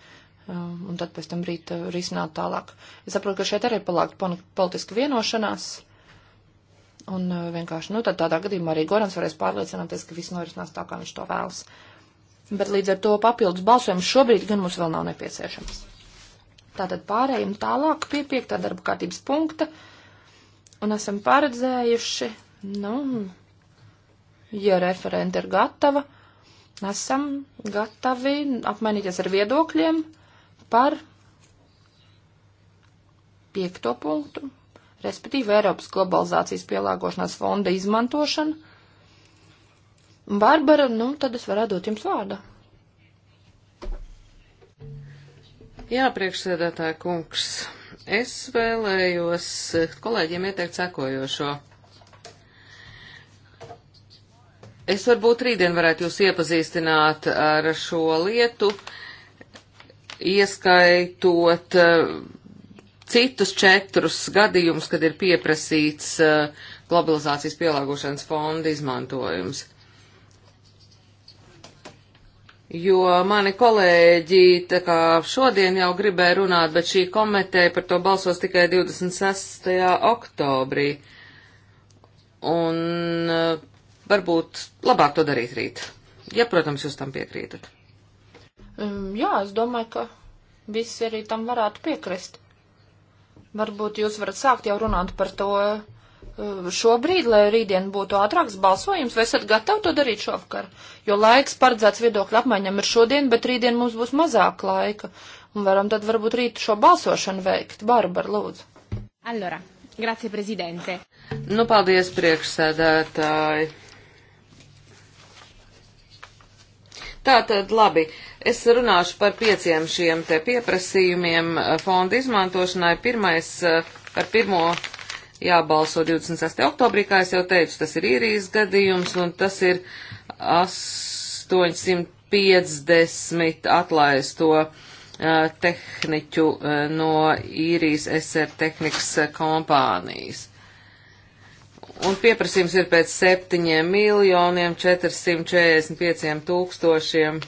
Um, un tad pēc tam rīt uh, risināt tālāk. Es saprotu, ka šeit arī palākt politiska vienošanās. Un uh, vienkārši, nu, tad tādā gadījumā arī Gorans varēs pārliecināties, ka viss norisinās tā, kā viņš to vēlas. Bet līdz ar to papildus balsojums šobrīd gan mums vēl nav nepieciešams. Tātad pārējiem tālāk pie piektā darba kārtības punkta. Un esam paredzējuši, nu, ja referenta ir gatava, esam gatavi apmainīties ar viedokļiem par piekto punktu, respektīvi Eiropas globalizācijas pielāgošanās fonda izmantošanu. Barbara, nu, tad es varētu dot jums vārdu. Jā, priekšsēdētāja kungs, es vēlējos kolēģiem ieteikt sekojošo. Es varbūt rītdien varētu jūs iepazīstināt ar šo lietu. Uh, ieskaitot eh, citus četrus gadījumus, kad ir pieprasīts eh, globalizācijas pielāgošanas fonda izmantojums. Jo mani kolēģi tā kā šodien jau gribēja runāt, bet šī komiteja par to balsos tikai 26. oktobrī. Un eh, varbūt labāk to darīt rīt, ja, protams, jūs tam piekrītat. Um, jā, es domāju, ka visi arī tam varētu piekrist. Varbūt jūs varat sākt jau runāt par to eh, šobrīd, lai rītdien būtu ātrāks balsojums, vai esat gatavi to darīt šovakar? Jo laiks paredzēts viedokļu apmaiņam ir šodien, bet rītdien mums būs mazāk laika. Un varam tad varbūt rīt šo balsošanu veikt. Barbara, lūdzu. Allora, grazie, prezidente. Nu, paldies, priekšsēdētāji. Tātad, labi, es runāšu par pieciem šiem te pieprasījumiem eh, fonda izmantošanai. Pirmais eh, par pirmo jābalso 26. oktobrī, kā es jau teicu, tas ir īrijas gadījums, un tas ir 850 atlaisto eh, tehniķu no īrijas SR tehnikas kompānijas. Un pieprasījums ir pēc 7 miljoniem 445 tūkstošiem.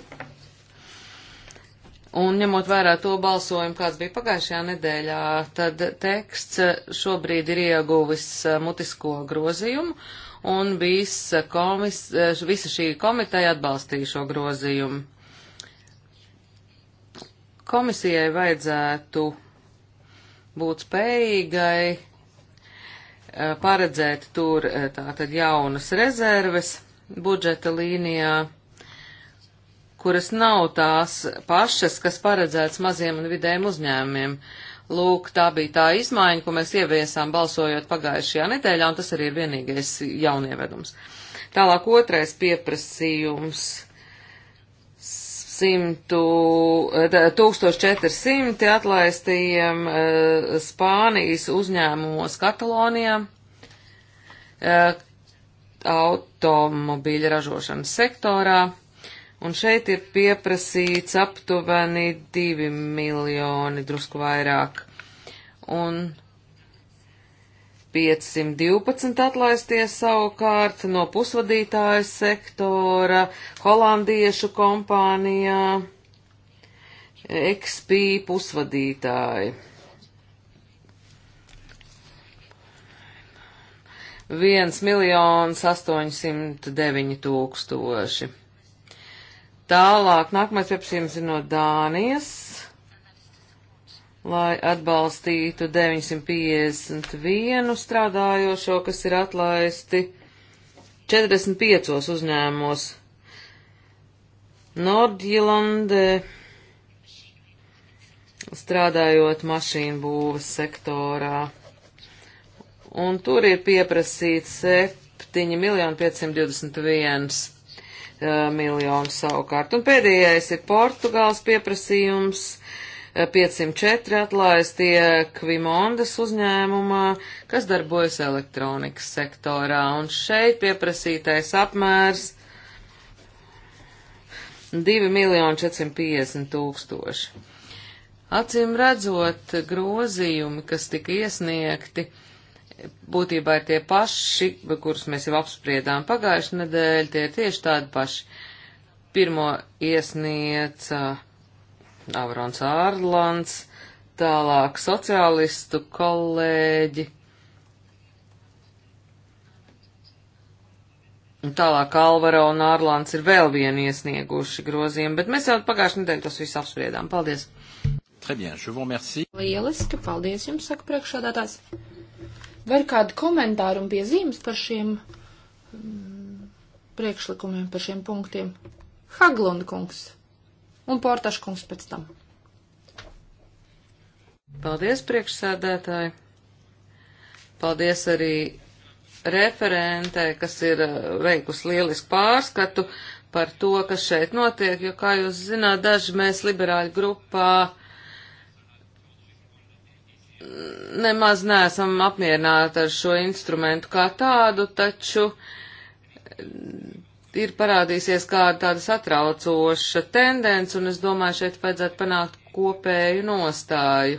Un ņemot vērā to balsojumu, kāds bija pagājušajā nedēļā, tad teksts šobrīd ir ieguvis eh, mutisko grozījumu, un visa, komis, eh, visa šī komiteja atbalstīja šo grozījumu. Komisijai vajadzētu būt spējīgai Eh, paredzēt tur eh, tātad jaunas rezerves budžeta līnijā, kuras nav tās pašas, kas paredzēts maziem un vidējiem uzņēmumiem. Lūk, tā bija tā izmaiņa, ko mēs ieviesām balsojot pagājušajā nedēļā, un tas arī ir vienīgais jaunievedums. Tālāk otrais pieprasījums 1400 eh, atlaistījiem eh, Spānijas uzņēmumos Katalonijā eh, automobīļa ražošanas sektorā. Un šeit ir pieprasīts aptuveni 2 miljoni, drusku vairāk. Un 512 atlaistie savukārt no pusvadītāja sektora, holandiešu kompānijā, XP pusvadītāji. viens miljons astoņsimt deviņi tūkstoši. Tālāk, nākamais pieprasījums ir no Dānijas lai atbalstītu 951 strādājošo, kas ir atlaisti 45 uzņēmumos. Nordjīlandē strādājot mašīnu būvas sektorā. Un tur ir pieprasīts 7 miljonu 521 miljonu savukārt. Un pēdējais ir Portugāls pieprasījums 504 atlaistie Kvimondas uzņēmumā, kas darbojas elektronikas sektorā. Un šeit pieprasītais apmērs 2 miljoni 450 tūkstoši. Acīm redzot, grozījumi, kas tika iesniegti, būtībā ir tie paši, kurus mēs jau apspriedām pagājušajā nedēļā, tie ir tieši tādi paši. Pirmo iesniedz uh, Avrons Ārlands, tālāk sociālistu kolēģi, un tālāk Alvaro un Ārlands ir vēl vienu iesnieguši grozījumu, bet mēs jau pagājušajā nedēļā tos visus apspriedām. Paldies! Très bien, je vous remercie. Lieliski, paldies jums, saka priekšādātājs. Vai ir kādi komentāri un piezīmes par šiem mm, priekšlikumiem, par šiem punktiem? Haglund kungs un Portaškungs pēc tam. Paldies, priekšsēdētāji! Paldies arī referentē, kas ir eh, veikusi lielisku pārskatu par to, kas šeit notiek, jo, kā jūs zināt, daži mēs liberāļu grupā nemaz neesam apmierināti ar šo instrumentu kā tādu, taču ir parādīsies kāda tāda satraucoša tendence, un es domāju, šeit vajadzētu panākt kopēju nostāju.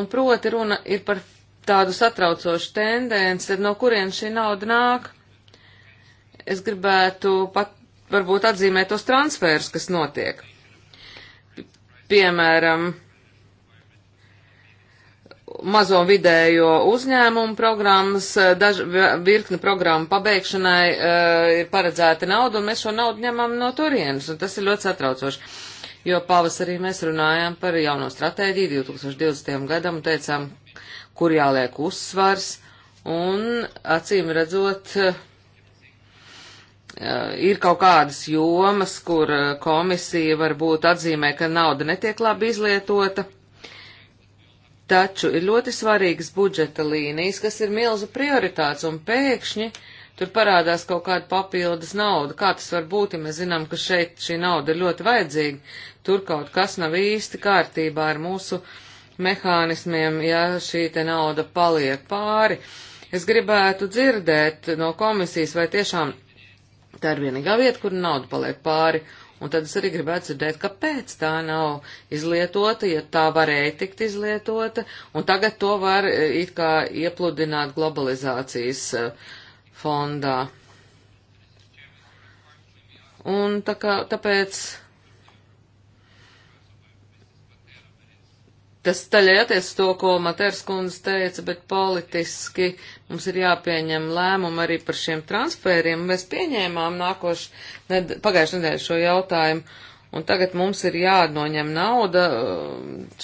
Un proti runa ir par tādu satraucošu tendenci, no kurien šī nauda nāk. Es gribētu pat varbūt atzīmēt tos transfers, kas notiek. Piemēram, mazo un vidējo uzņēmumu programmas, eh, daž, virkni programmu pabeigšanai uh, ir paredzēta nauda, un mēs šo naudu ņemam no turienes, un tas ir ļoti satraucoši. Jo pavasarī mēs runājām par jauno stratēģiju 2020. gadam un teicām, kur jāliek uzsvars, un acīm redzot, uh, ir kaut kādas jomas, kur komisija varbūt atzīmē, ka nauda netiek labi izlietota Taču ir ļoti svarīgas budžeta līnijas, kas ir milzu prioritāts, un pēkšņi tur parādās kaut kāda papildus nauda. Kā tas var būt, ja mēs zinām, ka šeit šī nauda ir ļoti vajadzīga? Tur kaut kas nav īsti kārtībā ar mūsu mehānismiem, ja šī te nauda paliek pāri. Es gribētu dzirdēt no komisijas, vai tiešām tā ir vienīgā vieta, kur nauda paliek pāri, Un tad es arī gribētu dzirdēt, kāpēc tā nav izlietota, ja tā varēja tikt izlietota, un tagad to var e, it kā iepludināt globalizācijas e, fondā. Un tā kā, tāpēc Tas taļai attiec to, ko Matērs kundze teica, bet politiski mums ir jāpieņem lēmumu arī par šiem transfēriem. Mēs pieņēmām nākošu, ned pagājušajā nedēļā šo jautājumu, un tagad mums ir jāatnoņem nauda uh,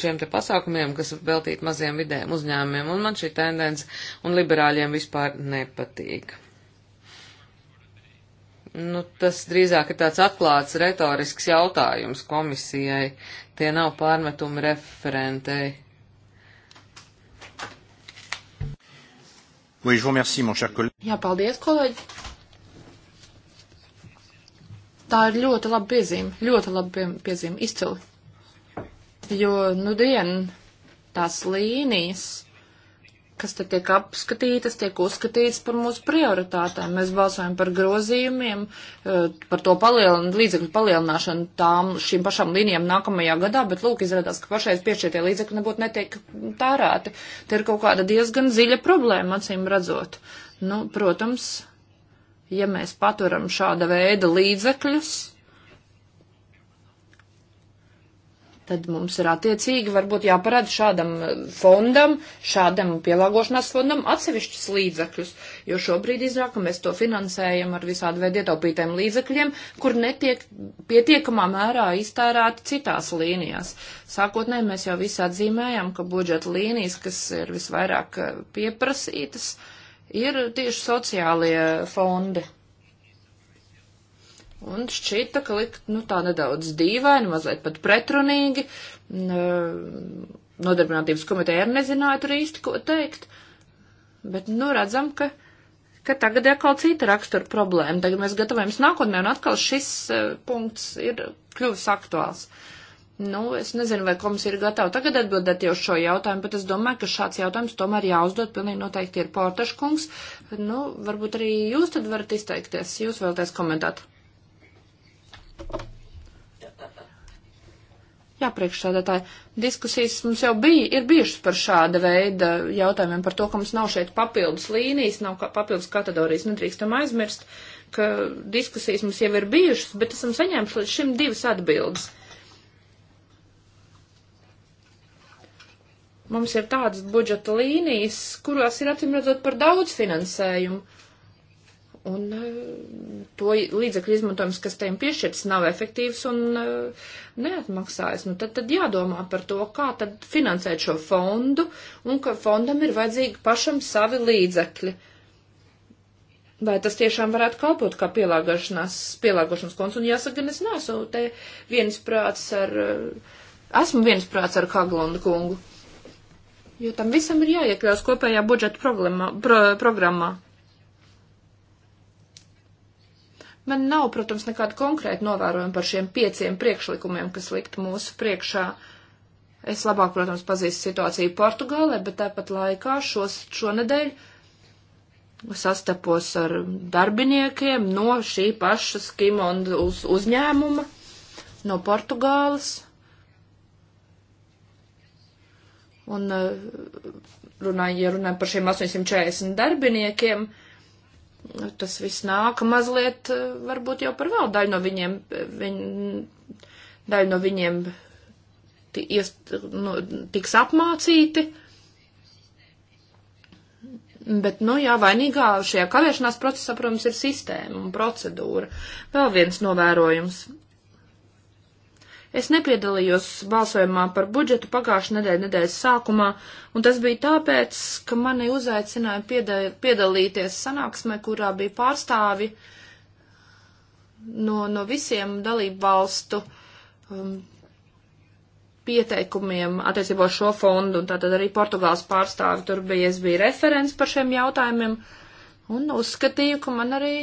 šiem te pasākumiem, kas veltīt maziem vidējiem uzņēmumiem, un man šī tendence un liberāļiem vispār nepatīk. Nu, tas drīzāk ir tāds atklāts retorisks jautājums komisijai. Tie nav pārmetumi referentei. Oui, je vous remercie, mon cher collègue. Jā, paldies, kolēģi. Tā ir ļoti laba piezīme, ļoti laba piezīme, izcili. Jo, nu, dien, tās līnijas, kas te tiek apskatītas, tiek uzskatītas par mūsu prioritātēm. Mēs balsojam par grozījumiem, eh, par to palielin, līdzekļu palielināšanu tām šīm pašām līnijām nākamajā gadā, bet lūk, izrādās, ka pašais piešķirtie līdzekļi nebūtu netiek tērēti. Te ir kaut kāda diezgan dziļa problēma, acīm redzot. Nu, protams, ja mēs paturam šāda veida līdzekļus, tad mums ir attiecīgi varbūt jāparāda šādam eh, fondam, šādam pielāgošanās fondam atsevišķus līdzekļus, jo šobrīd izrāk, ka mēs to finansējam ar visādu veidu ietaupītiem līdzekļiem, kur netiek pietiekamā mērā iztērēti citās līnijās. Sākotnēji mēs jau visi atzīmējam, ka budžeta līnijas, kas ir visvairāk eh, pieprasītas, ir tieši sociālie fondi un šķita, ka likt, nu, tā nedaudz dīvaini, mazliet pat pretrunīgi. Eh, nodarbinātības komiteja arī nezināja tur īsti, ko teikt. Bet, nu, redzam, ka, ka tagad ir atkal cita rakstura problēma. Tagad mēs gatavojamies nākotnē, un atkal šis uh, punkts ir kļuvis aktuāls. Nu, es nezinu, vai komisija ir gatava tagad atbildēt jau šo jautājumu, bet es domāju, ka šāds jautājums tomēr jāuzdod pilnīgi noteikti ir Portaškungs. Nu, varbūt arī jūs tad varat izteikties, jūs vēlaties komentēt. Jā, priekšsādātāji, diskusijas mums jau bija, ir bijušas par šāda veida jautājumiem, par to, ka mums nav šeit papildus līnijas, nav papildus kategorijas, nedrīkstam aizmirst, ka diskusijas mums jau ir bijušas, bet esam saņēmuši līdz šim divas atbildes. Mums ir tādas budžeta līnijas, kurās ir atsimredzot par daudz finansējumu Un e, to līdzekļu izmantojums, kas tiem piešķirts, nav efektīvs un e, neatmaksājas. Nu, tad, tad jādomā par to, kā tad finansēt šo fondu un ka fondam ir vajadzīgi pašam savi līdzekļi. Vai tas tiešām varētu kalpot kā pielāgošanās, pielāgošanas konts? Un jāsaka, es neesmu te viens prāts ar, e, esmu viens prāts ar Kaglondu kungu. Jo tam visam ir jāiekļaus kopējā budžeta programmā. Pro, programmā. Man nav, protams, nekāda konkrēta novērojuma par šiem pieciem priekšlikumiem, kas likt mūsu priekšā. Es labāk, protams, pazīstu situāciju Portugālē, bet tāpat laikā šos, šonedēļ sastapos ar darbiniekiem no šī paša Skimonda uz, uzņēmuma, no Portugāles. Un eh, runāju, ja runāju par šiem 840 darbiniekiem, uh, Nu, tas viss nāk mazliet, eh, varbūt jau par vēl daļu no viņiem, eh, viņ, daļu no viņiem ties, nu, tiks apmācīti. Bet, nu jā, vainīgā šajā kavēšanās procesā, protams, ir sistēma un procedūra. Vēl viens novērojums. Es nepiedalījos balsojumā par budžetu pagājušā nedēļa nedēļas sākumā, un tas bija tāpēc, ka mani uzaicināja piedal piedalīties sanāksmē, kurā bija pārstāvi no, no visiem dalību valstu um, pieteikumiem attiecībā uz šo fondu, un tātad arī Portugāles pārstāvi tur bija, es biju referents par šiem jautājumiem, un uzskatīju, ka man arī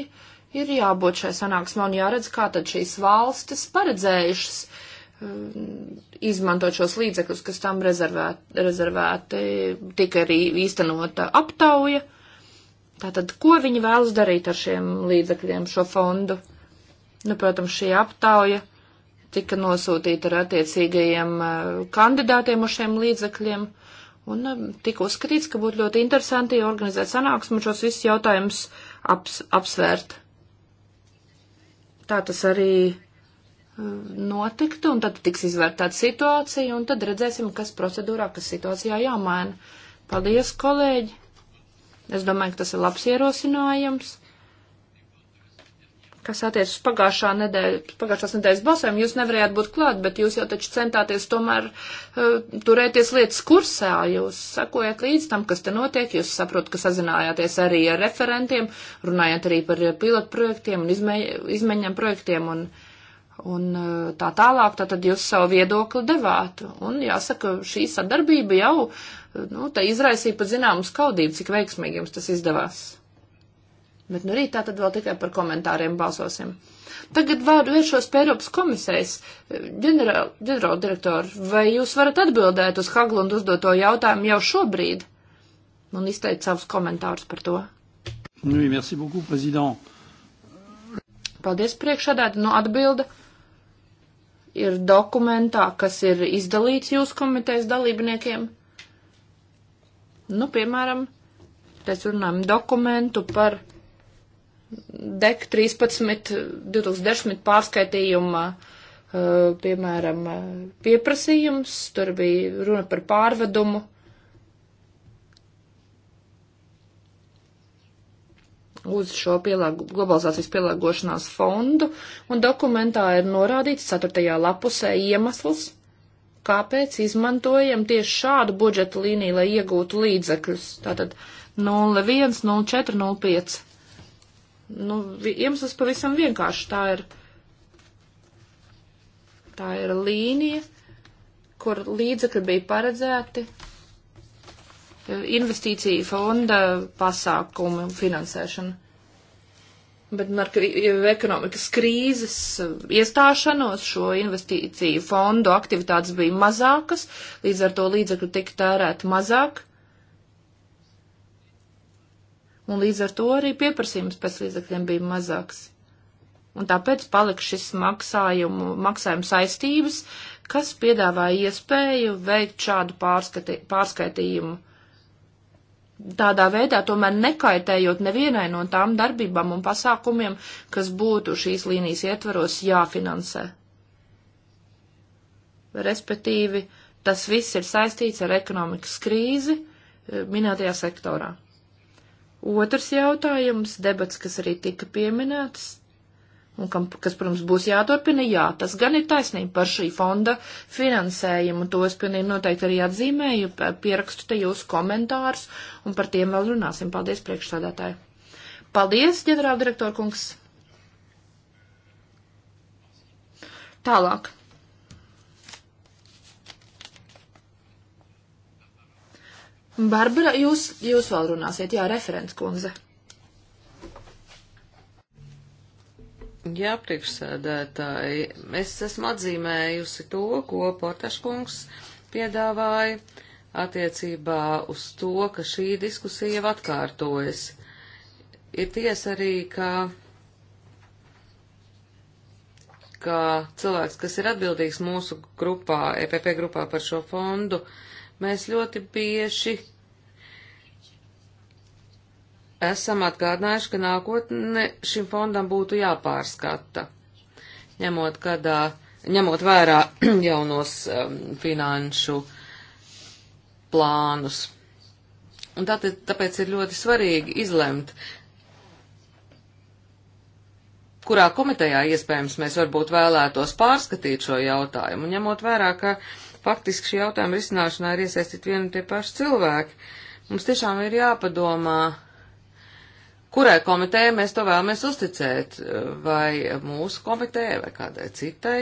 ir jābūt šai sanāksmē un jāredz, kā tad šīs valstis paredzējušas uh, Um, izmantot šos līdzekļus, kas tam rezervēti, rezervēti tika arī īstenota aptauja. Tātad, ko viņi vēlas darīt ar šiem līdzekļiem, šo fondu? Nu, protams, šī aptauja tika nosūtīta ar attiecīgajiem uh, kandidātiem uz šiem līdzekļiem, un um, tika uzskatīts, ka būtu ļoti interesanti organizēt sanāksmu šos visus jautājumus aps, apsvērt. Tā tas arī notiktu, un tad tiks izvērtāta situācija, un tad redzēsim, kas procedūrā, kas situācijā jāmaina. Paldies, kolēģi! Es domāju, ka tas ir labs ierosinājums. Kas attiecas uz pagājušā nedēļa, pagājušās nedēļas balsojumu, jūs nevarējāt būt klāt, bet jūs jau taču centāties tomēr uh, turēties lietas kursā, jūs sakojat līdz tam, kas te notiek, jūs saprotat, ka sazinājāties arī ar referentiem, runājāt arī par pilotprojektiem un izmaiņām projektiem un uh, un e, tā tālāk, tā tad jūs savu viedokli devātu. Un jāsaka, šī sadarbība jau, e, nu, te izraisīja pat zināmu skaudību, cik veiksmīgi jums tas izdevās. Bet nu rītā tad vēl tikai par komentāriem balsosim. Tagad vārdu vēršos pie Eiropas komisijas e, ģenerāla direktora. Vai jūs varat atbildēt uz Haglundu uzdoto jautājumu jau šobrīd? Un izteikt savus komentārus par to. Oui, merci beaucoup, président. Paldies priekšādāt, nu atbilda. Uh, ir dokumentā, kas ir izdalīts jūsu komitejas dalībniekiem. Nu, piemēram, mēs runājam dokumentu par DEC 13 2010 pārskaitījuma, eh, piemēram, eh, pieprasījums, tur bija runa par pārvedumu uz šo pielāgu, globalizācijas pielāgošanās fondu, un dokumentā ir norādīts 4. lapusē iemesls, kāpēc izmantojam tieši šādu budžeta līniju, lai iegūtu līdzekļus. Tātad 01, 04, 05. Nu, iemesls pavisam vienkārši tā ir. Tā ir līnija, kur līdzekļi bija paredzēti investīcija fonda pasākumu finansēšanu. Bet nu, ar ekonomikas krīzes eh, iestāšanos šo investīciju fondu aktivitātes bija mazākas, līdz ar to līdzekļu tika tērēt mazāk. Un līdz ar to arī pieprasījums pēc līdzekļiem bija mazāks. Un tāpēc palika šis maksājumu, maksājumu saistības, kas piedāvāja iespēju veikt šādu pārskati, pārskaitījumu tādā veidā tomēr nekaitējot nevienai no tām darbībām un pasākumiem, kas būtu šīs līnijas ietvaros jāfinansē. Respektīvi, tas viss ir saistīts ar ekonomikas krīzi eh, minētajā sektorā. Otrs jautājums, debats, kas arī tika pieminēts, un kam, kas, protams, būs jāturpina, jā, tas gan ir taisnība par šī fonda finansējumu, to es pilnīgi noteikti arī atzīmēju, pierakstu te jūsu komentārus, un par tiem vēl runāsim. Paldies, priekšsādātāji! Paldies, ģenerāldirektor kungs! Tālāk. Barbara, jūs, jūs vēl runāsiet, jā, referents kundze. Jā, priekšsēdētāji, es esmu atzīmējusi to, ko Portaškungs piedāvāja attiecībā uz to, ka šī diskusija jau atkārtojas. Ir tiesa arī, ka ka cilvēks, kas ir atbildīgs mūsu grupā, EPP grupā par šo fondu, mēs ļoti bieži esam atgādinājuši, ka nākotne šim fondam būtu jāpārskata, ņemot, gadā, ņemot vērā jaunos um, finanšu plānus. Un tātad, tāpēc ir ļoti svarīgi izlemt, kurā komitejā iespējams mēs varbūt vēlētos pārskatīt šo jautājumu, ņemot vērā, ka faktiski šī jautājuma risināšanā ir iesaistīti vieni un tie paši cilvēki. Mums tiešām ir jāpadomā, uh, kurai komitejai mēs to vēlamies uzticēt, vai mūsu komitejai, vai kādai citai.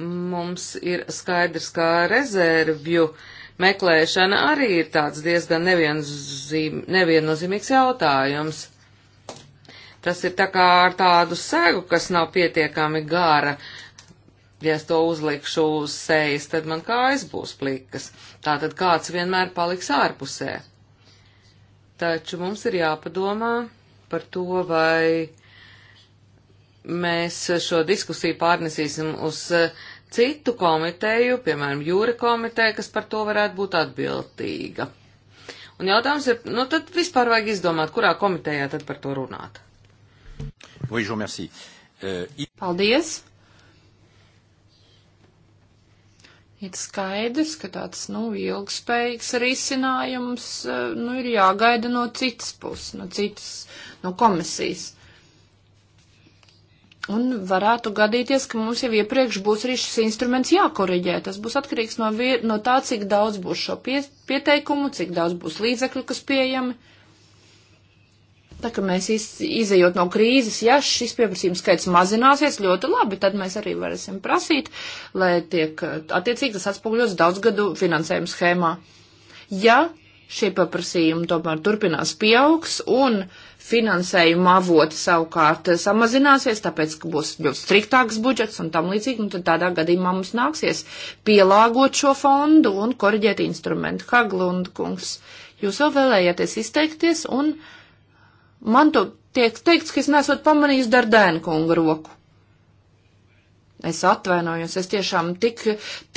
Mums ir skaidrs, ka rezervju meklēšana arī ir tāds diezgan nevienzīm, neviennozīmīgs jautājums. Tas ir tā kā ar tādu segu, kas nav pietiekami gara, Ja es to uzlikšu uz sejas, tad man kājas būs plikas. Tātad kāds vienmēr paliks ārpusē. Taču mums ir jāpadomā par to, vai mēs šo diskusiju pārnesīsim uz eh, citu komiteju, piemēram, jūra komiteja, kas par to varētu būt atbildīga. Un jautājums ir, nu tad vispār vajag izdomāt, kurā komitejā tad par to runāt. Oui, euh, Paldies! ir skaidrs, ka tāds, nu, ilgspējīgs risinājums, e, nu, ir jāgaida no citas puses, no citas, no komisijas. Un varētu gadīties, ka mums jau iepriekš būs arī šis instruments jākoriģē. Tas būs atkarīgs no, vir, no tā, cik daudz būs šo pie, pieteikumu, cik daudz būs līdzekļu, kas pieejami. Tā kā mēs iz, izējot no krīzes, ja šis pieprasījums skaits mazināsies ļoti labi, tad mēs arī varēsim prasīt, lai tiek eh, attiecīgi tas atspūgļos daudzgadu finansējuma schēmā. Ja šie pieprasījumi tomēr turpinās pieaugs un finansējuma avoti savukārt samazināsies, tāpēc, ka būs ļoti striktāks budžets un tam līdzīgi, nu tad tādā gadījumā mums nāksies pielāgot šo fondu un koriģēt instrumentu. Haglund kungs, jūs vēl vēlējāties izteikties un. Uh, Man to tiek teikts, ka es nesot pamanījis Dardēnu kunga roku. Es atvainojos, es tiešām tik,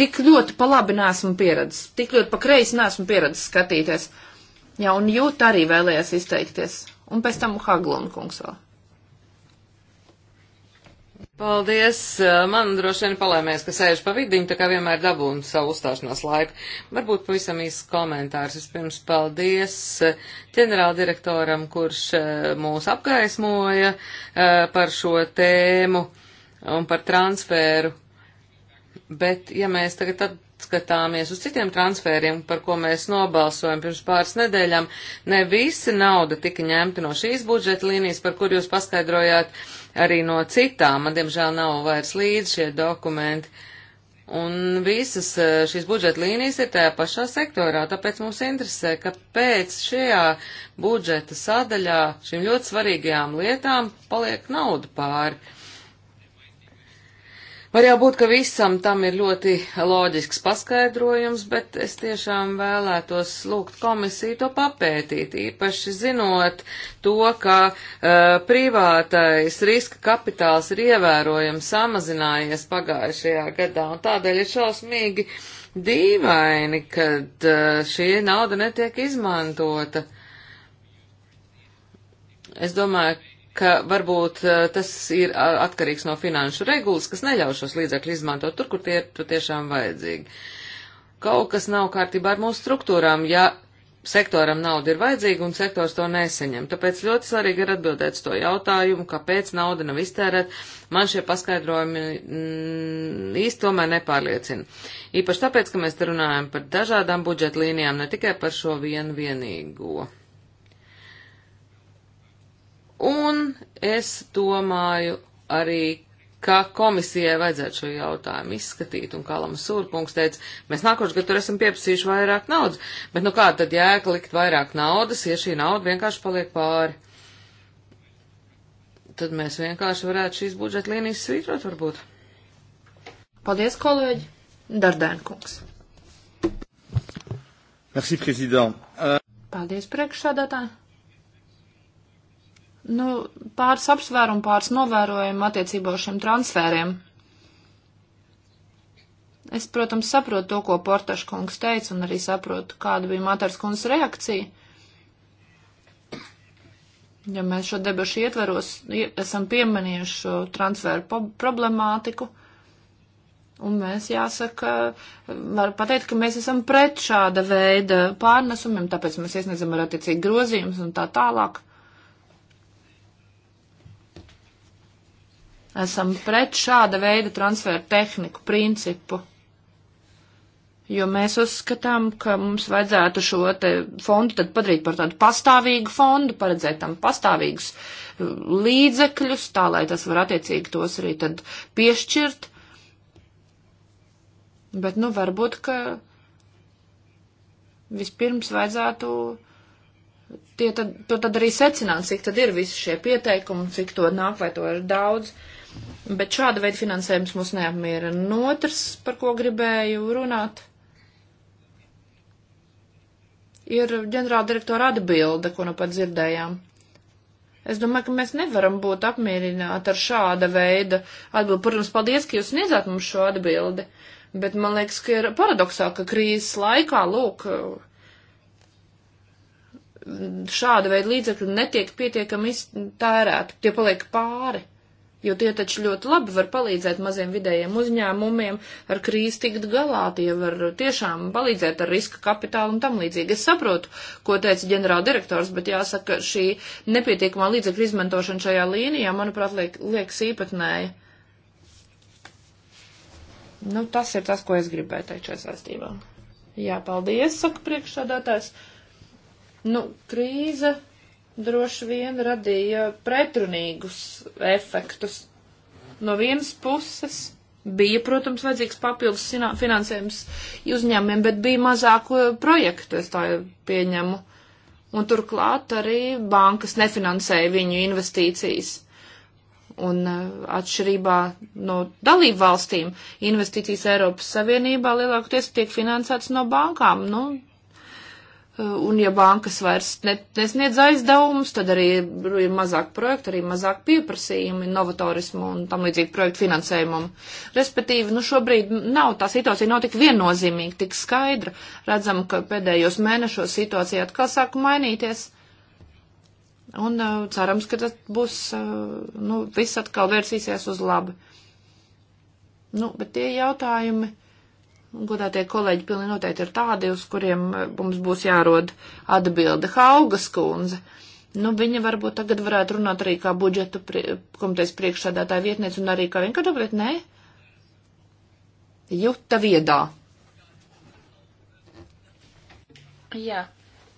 tik ļoti pa labi nesmu pieredzis, tik ļoti pa kreisi nesmu pieredzis skatīties. Jā, un jūt arī vēlējās izteikties. Un pēc tam Haglund kungs vēl. Paldies! Man droši vien palēmēs, ka sēž pa vidiņu, tā kā vienmēr dabūnu savu uzstāšanās laiku. Varbūt pavisam īsts komentārs. Vispirms paldies ģenerāldirektoram, kurš eh, mūs apgaismoja eh, par šo tēmu un par transferu. Bet, ja mēs tagad skatāmies uz citiem transfēriem, par ko mēs nobalsojam pirms pāris nedēļām, ne visa nauda tika ņemta no šīs budžeta līnijas, par kur jūs paskaidrojāt arī no citām. Man, diemžēl, nav vairs līdz šie dokumenti. Un visas eh, šīs budžeta līnijas ir tajā pašā sektorā, tāpēc mums interesē, kāpēc šajā budžeta sadaļā šīm ļoti svarīgajām lietām paliek nauda pāri. Var jau būt, ka visam tam ir ļoti loģisks paskaidrojums, bet es tiešām vēlētos lūgt komisiju to papētīt, īpaši zinot to, ka uh, privātais riska kapitāls ir ievērojami samazinājies pagājušajā gadā, un tādēļ ir šausmīgi dīvaini, kad uh, šī nauda netiek izmantota. Es domāju, ka varbūt eh, tas ir atkarīgs no finanšu regulas, kas neļauj šos līdzekļus izmantot tur, kur tie ir patiešām vajadzīgi. Kaut kas nav kārtībā ar mūsu struktūrām, ja sektoram nauda ir vajadzīga un sektors to neseņem. Tāpēc ļoti svarīgi ir atbildēt to jautājumu, kāpēc nauda nav iztērēta. Man šie paskaidrojumi mm, īsti tomēr nepārliecina. Īpaši tāpēc, ka mēs te runājam par dažādām budžeta līnijām, ne tikai par šo vienu vienīgo. Un es domāju arī, ka komisijai vajadzētu šo jautājumu izskatīt, un kā Lamas Sūrkungs teica, mēs nākošais gadu tur esam pieprasījuši vairāk naudas, bet nu kā tad jēga likt vairāk naudas, ja šī nauda vienkārši paliek pāri? Tad mēs vienkārši varētu šīs budžeta līnijas svītrot varbūt. Paldies, kolēģi! Dardēnkungs. Merci, prezident. Uh... Paldies, priekšsādātāji! nu, pāris apsvērumu, pāris novērojumu attiecībā uz šiem transfēriem. Es, protams, saprotu to, ko Portaša kungs teica, un arī saprotu, kāda bija Mātārs kungs reakcija. Ja mēs šo debašu ietveros, esam piemanījuši šo transferu problemātiku, un mēs jāsaka, var pateikt, ka mēs esam pret šāda veida pārnesumiem, tāpēc mēs iesniedzam ar attiecīgi grozījumus un tā tālāk. esam pret šāda veida transferu tehniku principu. Jo mēs uzskatām, ka mums vajadzētu šo te fondu tad padarīt par tādu pastāvīgu fondu, paredzēt tam pastāvīgus uh, līdzekļus, tā lai tas var attiecīgi tos arī tad piešķirt. Bet, nu, varbūt, ka vispirms vajadzētu tie tad, to tad arī secināt, cik tad ir visi šie pieteikumi, cik to nāk, vai to ir daudz. Uh, Bet šāda veida finansējums mūs neapmierina. Un otrs, par ko gribēju runāt, ir ģenerāldirektora atbilde, ko nu pat dzirdējām. Es domāju, ka mēs nevaram būt apmierināti ar šāda veida atbildi. Protams, paldies, ka jūs sniedzāt mums šo atbildi, bet man liekas, ka ir paradoksā, ka krīzes laikā, lūk, šāda veida līdzekļi netiek pietiekami tērēti, tie paliek pāri jo tie taču ļoti labi var palīdzēt maziem vidējiem uzņēmumiem ar krīzi tikt galā, tie var tiešām palīdzēt ar riska kapitālu un tam līdzīgi. Es saprotu, ko teica ģenerāldirektors, bet jāsaka, šī nepietiekamā līdzekļu izmantošana šajā līnijā, manuprāt, liek, liekas īpatnēja. Nu, tas ir tas, ko es gribēju teikt šajā saistībā. Jā, paldies, saka priekšsādātājs. Nu, krīze droši vien radīja pretrunīgus efektus. No vienas puses bija, protams, vajadzīgs papildus finansējums uzņēmumiem, bet bija mazāk eh, projektu, es tā pieņemu. Un turklāt arī bankas nefinansēja viņu investīcijas. Un eh, atšķirībā no dalību valstīm investīcijas Eiropas Savienībā lielākoties tiek finansētas no bankām. Nu, Uh, un ja bankas vairs nesniedz aizdevumus, tad arī ir mazāk projektu, arī mazāk pieprasījumi novatorismu un tam līdzīgi projektu finansējumam. Respektīvi, nu šobrīd nav, tā situācija nav tik viennozīmīga, tik skaidra. Redzam, ka pēdējos mēnešos situācija atkal sāk mainīties. Un uh, cerams, ka tas būs, uh, nu, viss atkal vērsīsies uz labi. Nu, bet tie jautājumi godātie kolēģi pilnīgi noteikti ir tādi, uz kuriem eh, mums būs jārod atbilde. Haugas kundze. Nu, viņa varbūt tagad varētu runāt arī kā budžetu prie, komitejas priekšsādātāja vietniece un arī kā vienkārši, bet nē. Juta viedā. Jā,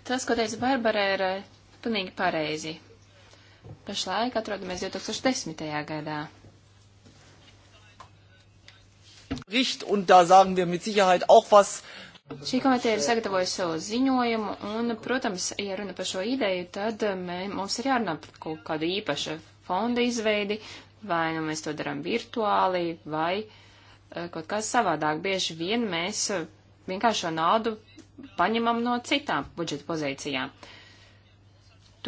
tas, ko teica Barbara, ir eh, pilnīgi pareizi. Pašlaik atrodamies 2010. gadā. Richt, un da sagen wir mit Sicherheit auch was. Šī komiteja ir sagatavojusi savu ziņojumu, un, protams, ja runa par šo ideju, tad eh, mē, mums ir jārunā par kaut kādu īpašu fonda izveidi, vai nu mēs to darām virtuāli, vai eh, kaut kā savādāk. Bieži vien mēs eh, vienkārši šo naudu paņemam no citām budžeta pozīcijām.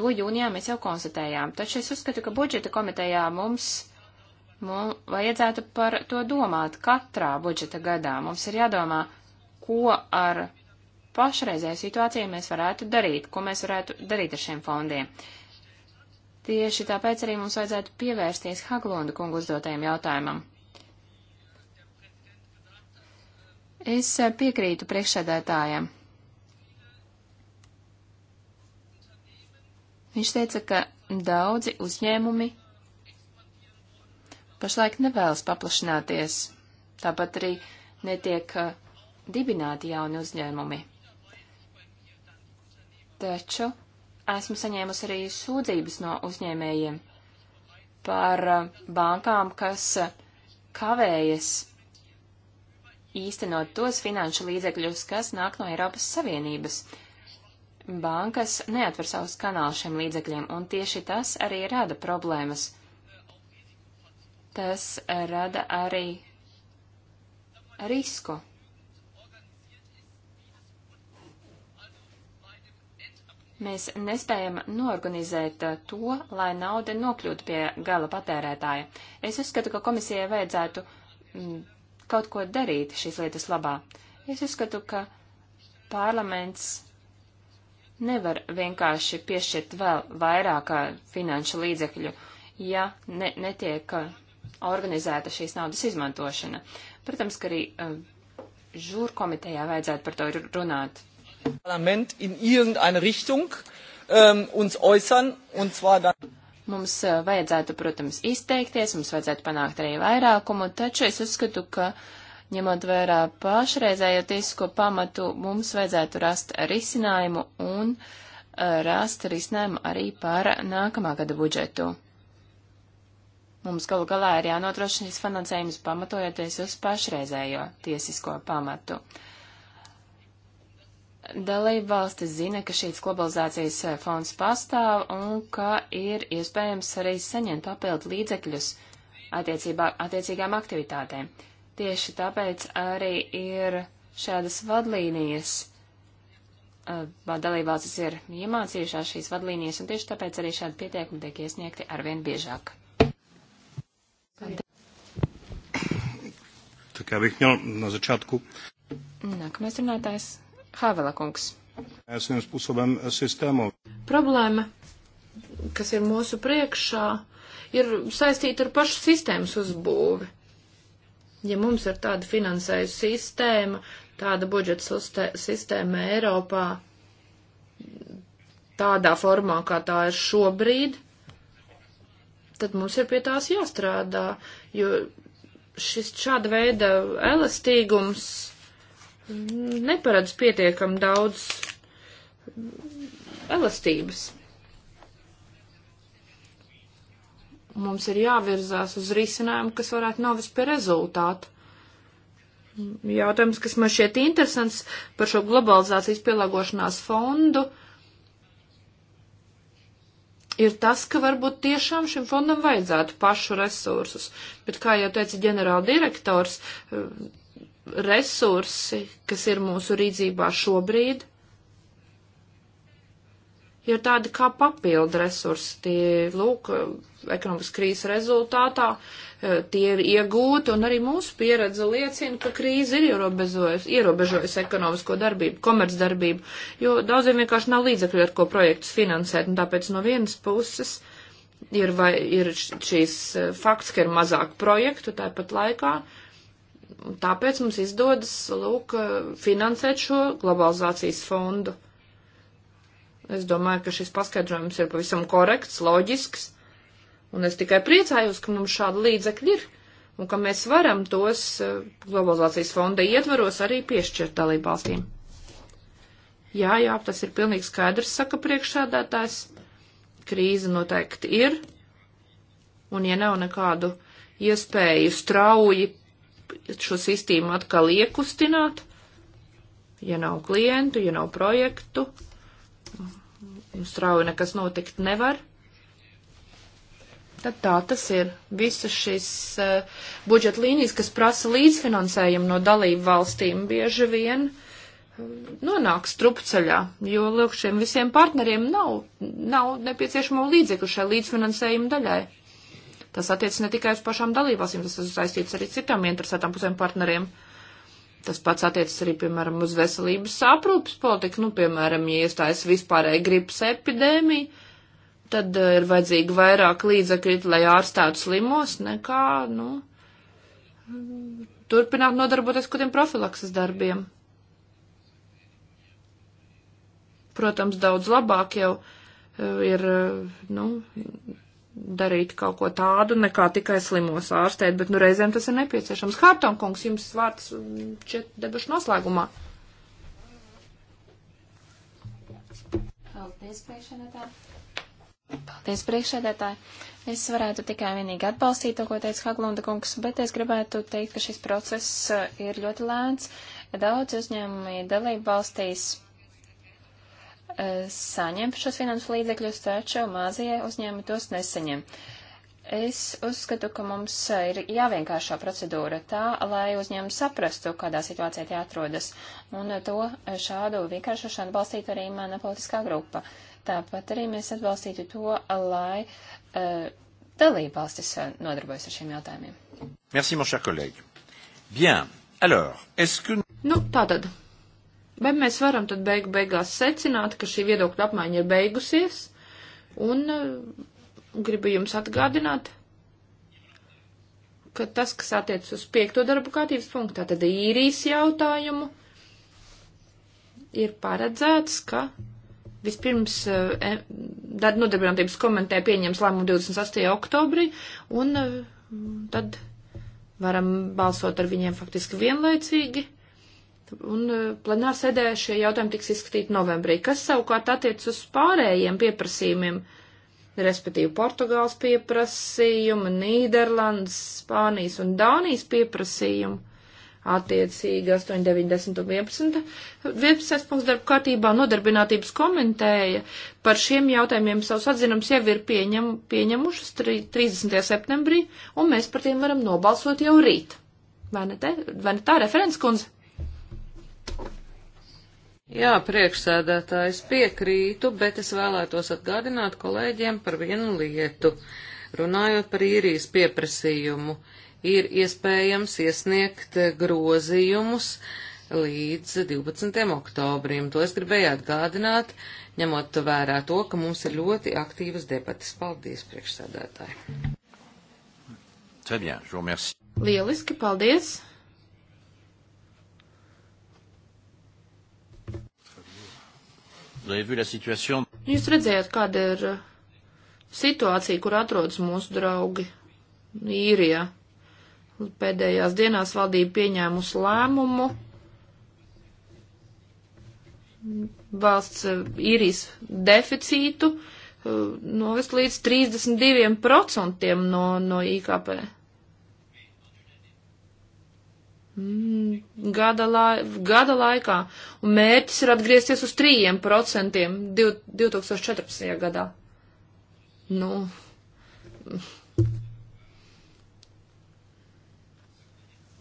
To jūnijā mēs jau konstatējām, taču es uzskatu, ka budžeta komitejā mums mums vajadzētu par to domāt katrā budžeta gadā. Mums ir jādomā, ko ar pašreizēju situāciju mēs varētu darīt, ko mēs varētu darīt ar šiem fondiem. Tieši tāpēc arī mums vajadzētu pievērsties Haglonda kungu uzdotajam jautājumam. Es piekrītu priekšsēdētājam. Viņš teica, ka daudzi uzņēmumi pašlaik nevēlas paplašināties, tāpat arī netiek uh, dibināti jauni uzņēmumi. Taču esmu saņēmusi arī sūdzības no uzņēmējiem par uh, bankām, kas uh, kavējas īstenot tos finanšu līdzekļus, kas nāk no Eiropas Savienības. Bankas neatver savus kanālus šiem līdzekļiem, un tieši tas arī rada problēmas tas rada arī risku. Mēs nespējam norganizēt uh, to, lai nauda nokļūtu pie gala patērētāja. Es uzskatu, ka komisijai vajadzētu m, mm, kaut ko darīt šīs lietas labā. Es uzskatu, ka parlaments nevar vienkārši piešķirt vēl vairāk uh, finanšu līdzekļu, ja ne, netiek uh, organizēta šīs naudas izmantošana. Protams, ka arī uh, žūr komitejā vajadzētu par to runāt. Parlament in irgendeine Richtung um, uns äußern un zwar dann. Mums äh, vajadzētu, protams, izteikties, mums vajadzētu panākt arī vairākumu, taču es uzskatu, ka ņemot vērā pašreizējo tiesisko pamatu, mums vajadzētu rast risinājumu un uh, rast risinājumu arī par nākamā gada budžetu. Mums galu galā ir jānodrošina šis finansējums pamatojoties uz pašreizējo tiesisko pamatu. Dalība valstis zina, ka šīs globalizācijas eh, fonds pastāv un ka ir iespējams arī saņemt papildu līdzekļus attiecībā, attiecīgām aktivitātēm. Tieši tāpēc arī ir šādas vadlīnijas eh, dalībvalstis ir iemācījušās šīs vadlīnijas, un tieši tāpēc arī šādi pieteikumi tiek iesniegti arvien biežāk. tak já bych měl na začátku. Nākamais runātājs - Havela kungs. Esam spôsobem eh, sistēmu. Problēma, kas ir mūsu priekšā, ir saistīta ar pašu sistēmas uzbūvi. Ja mums ir tāda finansēju sistēma, tāda budžeta sistēma Eiropā, tādā formā, kā tā ir šobrīd, tad mums ir pie tās jāstrādā, jo šis šāda veida elastīgums neparedz pietiekam daudz elastības. Mums ir jāvirzās uz risinājumu, kas varētu novest pie rezultātu. Jautājums, kas man šķiet interesants par šo globalizācijas pielāgošanās fondu. Uh, ir tas, ka varbūt tiešām šim fondam vajadzētu pašu resursus. Bet, kā jau teica ģenerāldirektors, eh, resursi, kas ir mūsu rīcībā šobrīd, ir tādi kā papildu resursi. Tie, lūk, ekonomikas krīzes rezultātā eh, tie ir iegūti, un arī mūsu pieredze liecina, ka krīze ir ierobežojusi, ierobežojusi ekonomisko darbību, komercdarbību, jo daudziem vienkārši nav līdzekļu, ar ko projektus finansēt, un tāpēc no vienas puses ir, vai, ir šīs eh, fakts, ka ir mazāk projektu tāpat laikā. Tāpēc mums izdodas, lūk, eh, finansēt šo globalizācijas fondu. Es domāju, ka šis paskaidrojums ir pavisam korekts, loģisks, un es tikai priecājos, ka mums šādi līdzekļi ir, un ka mēs varam tos eh, globalizācijas fonda ietvaros arī piešķirt dalībvalstīm. Jā, jā, tas ir pilnīgi skaidrs, saka priekšsādātājs. Krīze noteikti ir, un ja nav nekādu iespēju strauji šo sistēmu atkal iekustināt, ja nav klientu, ja nav projektu, strauji nekas notikt nevar. Tad tā tas ir. Visas šīs uh, budžeta līnijas, kas prasa līdzfinansējumu no dalību valstīm, bieži vien uh, eh, nonāk strupceļā, jo, lūk, šiem visiem partneriem nav, nav nepieciešamo līdzekļu šai līdzfinansējumu daļai. Tas attiec ne tikai uz pašām dalībvalstīm, tas ir saistīts arī citām interesētām pusēm partneriem. Uh, Tas pats attiecas arī, piemēram, uz veselības aprūpas politiku. Nu, piemēram, ja iestājas vispārēja gripas epidēmija, tad eh, ir vajadzīgi vairāk līdzekļu, lai ārstētu slimos, nekā, nu, turpināt nodarboties kādiem profilakses darbiem. Protams, daudz labāk jau eh, ir, eh, nu, darīt kaut ko tādu, nekā tikai slimos ārstēt, bet nu reizēm tas ir nepieciešams. Hārtonkungs, jums vārds šeit mm, debušu noslēgumā. Paldies, priekšsēdētāji. Paldies, priekšsēdētāji. Es varētu tikai vienīgi atbalstīt to, ko teica Haglunda kungs, bet es gribētu teikt, ka šis process eh, ir ļoti lēns. Daudz uzņēmumi dalību valstīs saņem šos finansu līdzekļus, taču mazie uzņēmumi tos nesaņem. Es uzskatu, ka mums ir jāvienkāršo procedūra tā, lai uzņēmumi saprastu, kādā situācijā tie atrodas, un to šādu vienkāršošanu balstītu arī mana politiskā grupa. Tāpat arī mēs atbalstītu to, lai uh, dalībvalstis e, nodarbojas ar šiem jautājumiem. Merci, mon cher collègue. Bien. Alors, est-ce que... Nu, tātad, Bet mēs varam tad beigu beigās secināt, ka šī viedokļa apmaiņa ir beigusies, un eh, gribu jums atgādināt, ka tas, kas attiec uz piekto darbu kārtības punktu, tātad īrijas jautājumu, ir paredzēts, ka vispirms eh, nodarbinātības komentē pieņems lēmumu 28. oktobrī, un eh, tad varam balsot ar viņiem faktiski vienlaicīgi. Un e, plenāra sēdē šie jautājumi tiks izskatīti novembrī, kas savukārt attiec uz pārējiem pieprasījumiem, respektīvi Portugāls pieprasījumu, Nīderlandes, Spānijas un Dānijas pieprasījumu, attiecīgi 8, 9, 10 un 11. 11. punkts darba kārtībā nodarbinātības komentēja par šiem jautājumiem savus atzinums jau ir pieņem, pieņemušas 30. septembrī, un mēs par tiem varam nobalsot jau rīt. Vai ne, te, vai ne tā referents kundze? Jā, priekšsēdētājs piekrītu, bet es vēlētos atgādināt kolēģiem par vienu lietu. Runājot par īrijas pieprasījumu, ir iespējams iesniegt grozījumus līdz 12. oktobrim. To es gribēju atgādināt, ņemot vērā to, ka mums ir ļoti aktīvas debatas. Paldies, priekšsēdētāji! Lieliski, paldies! Jūs redzējāt, kāda ir uh, situācija, kur atrodas mūsu draugi īrijā. Pēdējās dienās valdība pieņēmusi lēmumu. Valsts uh, īrijas deficītu uh, novest līdz 32% no, no IKP. Mm, gada, lai, gada laikā, un mērķis ir atgriezties uz 3% 2014. gadā. Nu.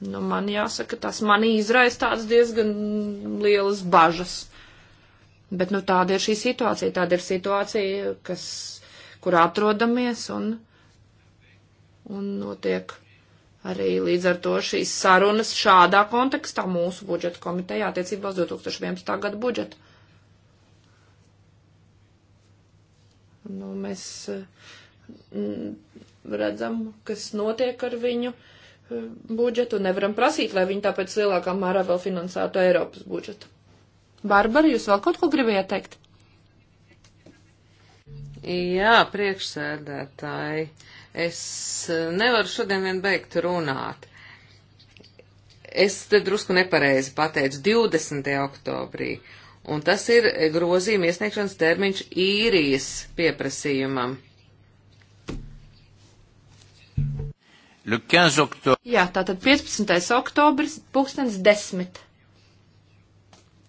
Nu, man jāsaka, tas mani izraisa tādas diezgan lielas bažas. Bet, nu, tāda ir šī situācija, tāda ir situācija, kas, kur atrodamies un, un notiek. Arī līdz ar to šīs sarunas šādā kontekstā mūsu budžeta komitejā attiecībā uz 2011. gada budžetu. Nu, mēs eh, redzam, kas notiek ar viņu eh, budžetu. Nevaram prasīt, lai viņi tāpēc lielākā mērā vēl finansētu Eiropas budžetu. Barbara, jūs vēl kaut ko gribējāt teikt? Jā, priekšsēdētāji. Uh, Es eh, nevaru šodien vien beigt runāt. Es te drusku nepareizi pateicu 20. oktobrī, un tas ir grozījuma iesniegšanas termiņš īrijas pieprasījumam. Jā, tātad 15. oktobris, pulkstens 10.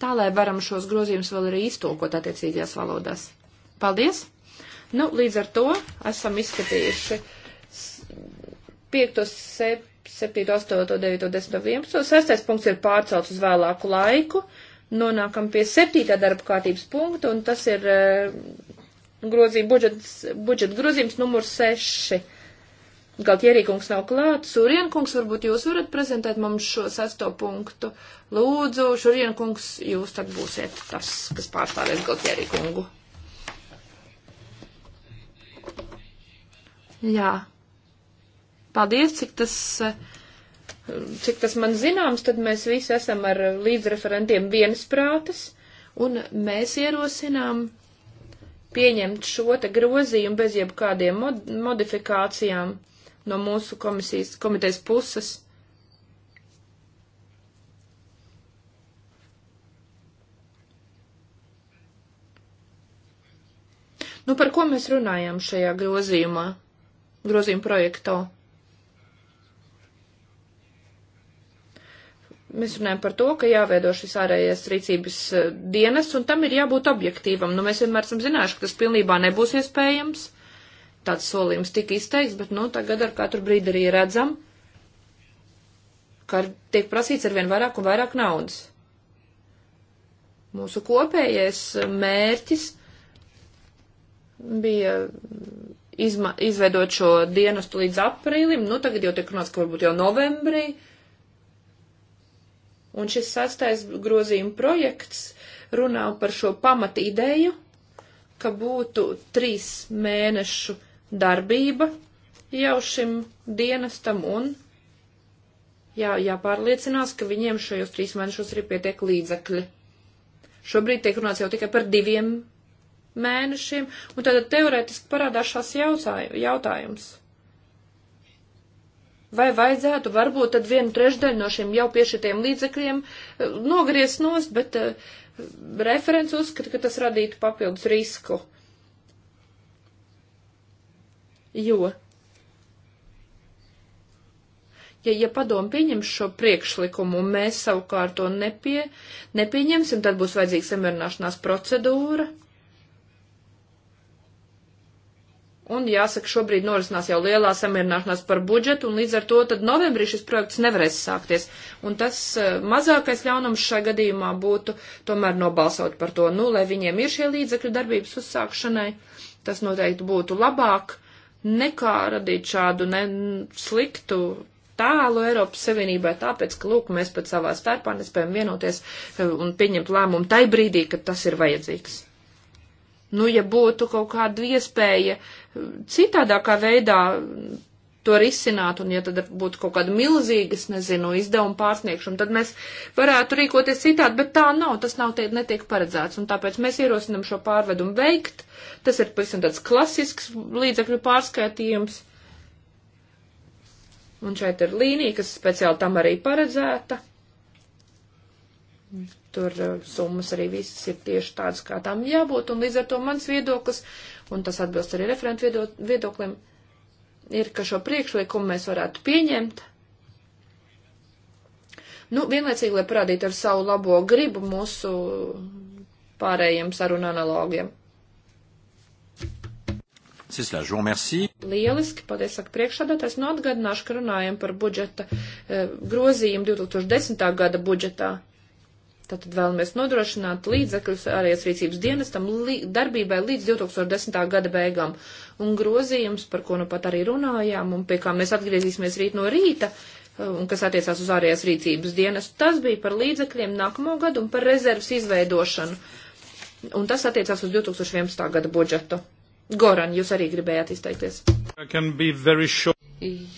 Tā, lai varam šos grozījumus vēl arī iztulkot attiecīgajās valodās. Paldies! Nu, līdz ar to esam izskatījuši 5, 7, 8, 9, 10, 11. Sestais punkts ir pārcelts uz vēlāku laiku. Nonākam pie septītā darba kārtības punkta, un tas ir eh, grozījuma budžets, budžeta grozījums numur 6. Galtierīkungs nav klāts. Surienkungs, varbūt jūs varat prezentēt mums šo sesto punktu. Lūdzu, Šurienkungs, jūs tad būsiet tas, kas pārstāvēs Galtierīkungu. kungu. Jā. Paldies, cik tas, cik tas man zināms, tad mēs visi esam ar līdzreferentiem viensprātes, un mēs ierosinām pieņemt šo te grozījumu bez jebkādiem mod modifikācijām no mūsu komisijas, komitejas puses. Nu, par ko mēs runājam šajā grozījumā? grozījumu projektā. Mēs runājam par to, ka jāveido šis ārējais rīcības eh, dienas, un tam ir jābūt objektīvam. Nu, mēs vienmēr esam zinājuši, ka tas pilnībā nebūs iespējams. Tāds solījums tika izteikts, bet, nu, tagad ar katru brīdi arī redzam, ka tiek prasīts arvien vairāk un vairāk naudas. Mūsu kopējais eh, mērķis bija izma, izveidot šo dienestu līdz aprīlim, nu tagad jau tiek runāts, ka varbūt jau novembrī. Un šis sastais grozījuma projekts runā par šo pamat ideju, ka būtu trīs mēnešu darbība jau šim dienestam un jā, jāpārliecinās, ka viņiem šajos trīs mēnešos arī pietiek līdzekļi. Šobrīd tiek runāts jau tikai par diviem mēnešiem, un tad teoretiski parādās šās jautājums. Vai vajadzētu varbūt tad vienu trešdaļu no šiem jau piešķirtiem līdzekļiem eh, nogriezt nost, bet uh, referents uzskata, ka tas radītu papildus risku. Jo, ja, ja padomu pieņems šo priekšlikumu un mēs savukārt to nepie, nepieņemsim, tad būs vajadzīga samierināšanās procedūra, Un jāsaka, šobrīd norisinās jau lielā samierināšanās par budžetu, un līdz ar to tad novembrī šis projekts nevarēs sākties. Un tas eh, mazākais ļaunums šai gadījumā būtu tomēr nobalsot par to, nu, lai viņiem ir šie līdzekļi darbības uzsākšanai, tas noteikti būtu labāk nekā radīt šādu ne, sliktu tālu Eiropas Savienībai, tāpēc, ka, lūk, mēs pat savā starpā nespējam vienoties eh, un pieņemt lēmumu tai brīdī, kad tas ir vajadzīgs. Nu, ja būtu kaut kāda iespēja citādākā veidā to risināt, un ja tad būtu kaut kāda milzīgas, nezinu, izdevuma pārsniegšana, tad mēs varētu rīkoties citādi, bet tā nav, tas nav tiek, netiek paredzēts, un tāpēc mēs ierosinam šo pārvedumu veikt, tas ir pavisam tāds klasisks līdzekļu pārskaitījums, un šeit ir līnija, kas speciāli tam arī paredzēta, tur eh, summas arī visas ir tieši tādas, kā tam jābūt, un līdz ar to mans viedoklis un tas atbilst arī referentu viedoklim, ir, ka šo priekšlikumu mēs varētu pieņemt. Nu, vienlaicīgi, lai parādītu ar savu labo gribu mūsu pārējiem sarunu analogiem. Cela, je vous remercie. Lieliski, paldies, saka priekšsādātājs. Nu, atgādināšu, ka runājam par budžeta eh, grozījumu 2010. gada budžetā. Tātad vēlamies nodrošināt līdzekļus ārējās rīcības dienestam li darbībai līdz 2010. gada beigām. Un grozījums, par ko nu pat arī runājām un pie kā mēs atgriezīsimies rīt no rīta, uh, un kas attiecās uz ārējās rīcības dienestu, tas bija par līdzekļiem nākamo gadu un par rezervas izveidošanu. Un tas attiecās uz 2011. gada budžetu. Goran, jūs arī gribējāt izteikties.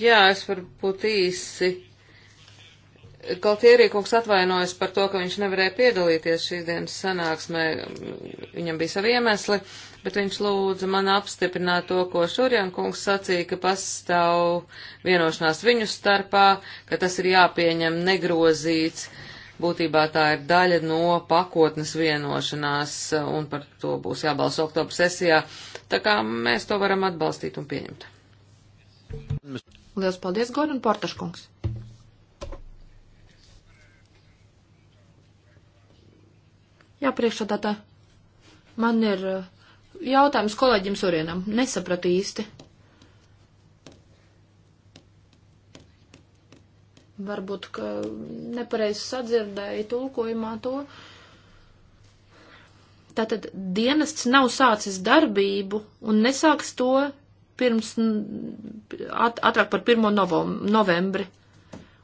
Jā, es varu būt īsi Kaltierīkungs atvainojas par to, ka viņš nevarēja piedalīties šīs dienas sanāksmē, viņam bija savi iemesli, bet viņš lūdza man apstiprināt to, ko Šurjankungs sacīja, ka pastāv vienošanās viņu starpā, ka tas ir jāpieņem negrozīts, būtībā tā ir daļa no pakotnes vienošanās, un par to būs jābalso oktobra sesijā, tā kā mēs to varam atbalstīt un pieņemt. Lielas paldies, Gordon Portaškungs! Jā, priekšādātā. Man ir uh, jautājums kolēģim Surienam. Nesapratu īsti. Varbūt, ka nepareizi sadzirdēju tulkojumā to. Tātad dienests nav sācis darbību un nesāks to pirms, at, atrāk par 1. Novom, novembri.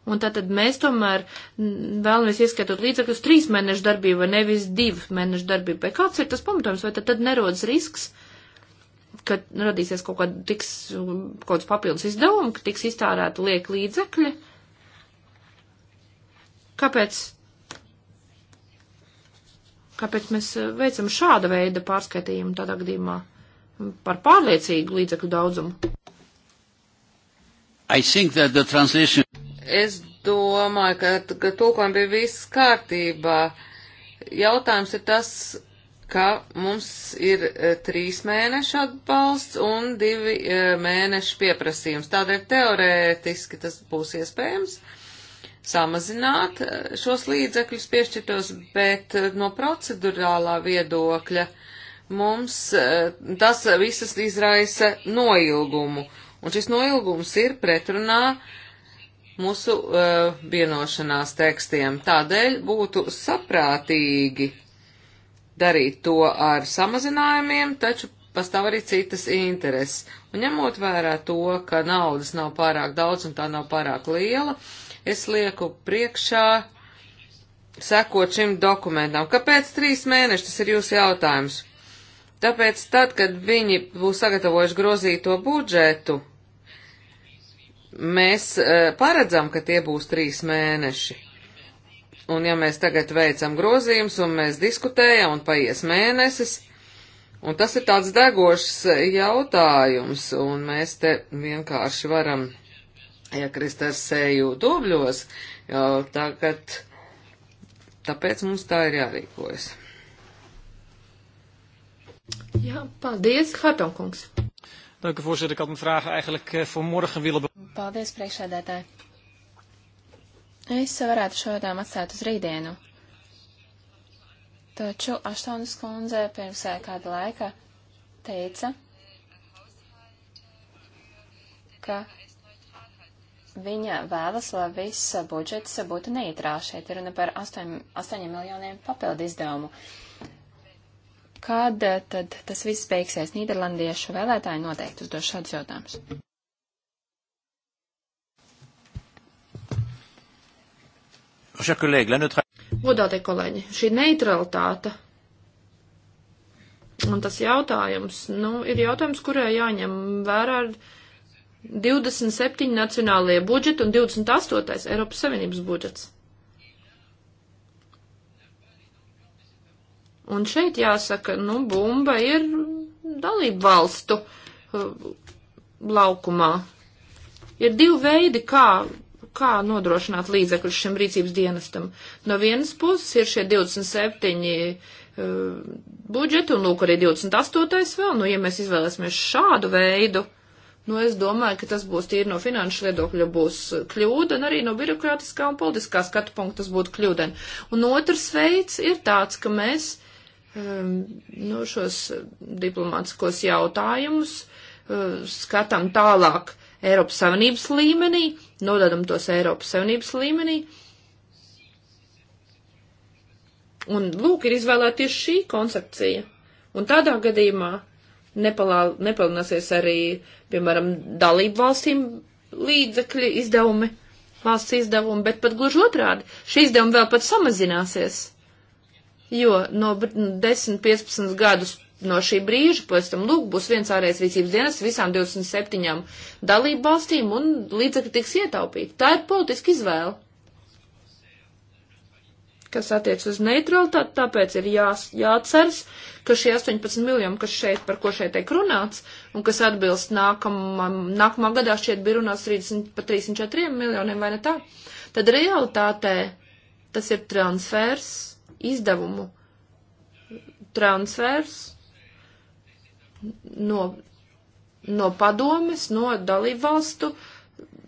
Un tātad mēs tomēr vēlamies ieskatot līdzekļus trīs mēnešu darbību, nevis divu mēnešu darbību. Vai kāds ir tas pamatojums, vai tad, tad nerodas risks, ka radīsies kaut kāda tiks, kaut kāds papildus izdevumi, ka tiks iztārēta liek līdzekļi? Kāpēc? Kāpēc mēs eh, veicam šāda veida pārskaitījumu tādā gadījumā par pārliecīgu līdzekļu daudzumu? I think that the translation Es domāju, ka, ka tulkojumi bija viss kārtībā. Jautājums ir tas, ka mums ir eh, trīs mēnešu atbalsts un divi eh, mēnešu pieprasījums. Tādēļ teorētiski tas būs iespējams samazināt eh, šos līdzekļus piešķirtos, bet no procedurālā viedokļa mums tas visas izraisa noilgumu. Un šis noilgums ir pretrunā uh, mūsu uh, vienošanās tekstiem. Tādēļ būtu saprātīgi darīt to ar samazinājumiem, taču pastāv arī citas intereses. Un ņemot vērā to, ka naudas nav pārāk daudz un tā nav pārāk liela, es lieku priekšā sekot šim dokumentam. Kāpēc trīs mēneši? Tas ir jūsu jautājums. Tāpēc tad, kad viņi būs sagatavojuši grozīto budžetu, Mēs eh, paredzam, ka tie būs trīs mēneši. Un ja mēs tagad veicam grozījums un mēs diskutējam un paies mēnesis, un tas ir tāds degošs eh, jautājums, un mēs te vienkārši varam iekrist ar seju dubļos, jo tagad, tāpēc mums tā ir jārīkojas. Jā, paldies, Hartonkungs. Dank u voorzitter. Ik had mijn vraag eigenlijk eh, voor morgen willen. Paldies, priekšsēdētāji. Es varētu šo jautājumu atstāt uz rītdienu. Taču Aštonas kundze pirms eh, kāda laika teica, ka viņa vēlas, lai viss budžets būtu neitrāls. Šeit ir runa par 8, 8 miljoniem papildu izdevumu. Uh, Kad eh, tad tas viss beigsies? Nīderlandiešu vēlētāji noteikti uzdos šādus jautājumus. Godātie kolēģi, šī neutralitāte un tas jautājums, nu, ir jautājums, kurā jāņem vērā ar 27 nacionālajie budžeti un 28. Eiropas Savienības budžets. Un šeit jāsaka, nu, bumba ir dalību valstu uh, laukumā. Ir divi veidi, kā, kā nodrošināt līdzekļus šim rīcības dienestam. No vienas puses ir šie 27 uh, budžeti, un lūk arī 28. vēl, nu, ja mēs izvēlēsimies šādu veidu, nu, es domāju, ka tas būs tīri no finanšu viedokļa būs kļūda, un arī no birokrātiskā un politiskā skatu punkta tas būtu kļūdeni. Un otrs veids ir tāds, ka mēs uh, Ehm, nu, šos diplomātiskos jautājumus, eh, skatām tālāk Eiropas Savienības līmenī, nododam tos Eiropas Savienības līmenī. Un lūk, ir izvēlēties šī koncepcija. Un tādā gadījumā nepalināsies arī, piemēram, dalību valstīm līdzekļi izdevumi, valsts izdevumi, bet pat gluži otrādi, šī izdevuma vēl pat samazināsies jo no 10-15 gadus no šī brīža, pēc tam, lūk, būs viens ārējais rīcības dienas visām 27 dalību valstīm un līdzekļi tiks ietaupīti. Tā ir politiska izvēle. Kas attiec uz neutralitāti, tāpēc ir jā, jāatceras, ka šie 18 miljoni, kas šeit, par ko šeit tiek runāts, un kas atbilst nākamam, nākamā gadā šķiet bija runāts 30, pa 34 miljoniem vai ne tā, tad realitātē tas ir transfers izdevumu transfers no, no padomes, no dalībvalstu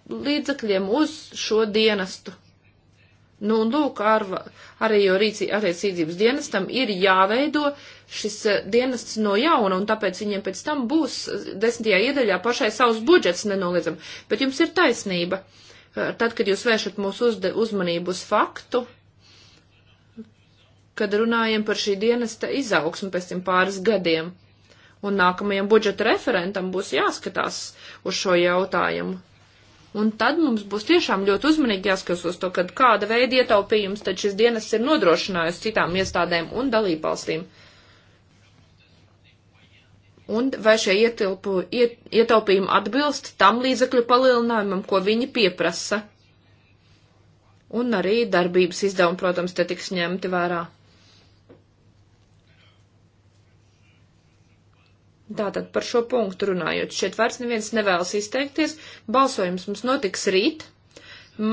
līdzakļiem uz šo dienestu. Nu, un lūk, ar, arī jo rīcības dienestam ir jāveido šis eh, dienests no jauna, un tāpēc viņiem pēc tam būs desmitajā iedaļā pašai savs budžets nenoliedzam. Bet jums ir taisnība. Eh, tad, kad jūs vēršat mūsu uzmanību uz faktu, kad runājam par šī dienesta izaugsmu pēc tiem pāris gadiem. Un nākamajam budžeta referentam būs jāskatās uz šo jautājumu. Un tad mums būs tiešām ļoti uzmanīgi jāskatās uz to, kad kāda veida ietaupījums tad šis dienas ir nodrošinājusi citām iestādēm un dalībvalstīm. Un vai šie ietilpu, iet, ietaupījumi atbilst tam līdzekļu palielinājumam, ko viņi pieprasa. Un arī darbības izdevumi, protams, te tiks ņemti vērā. Tātad par šo punktu runājot, šeit vairs neviens nevēlas izteikties. Balsojums mums notiks rīt.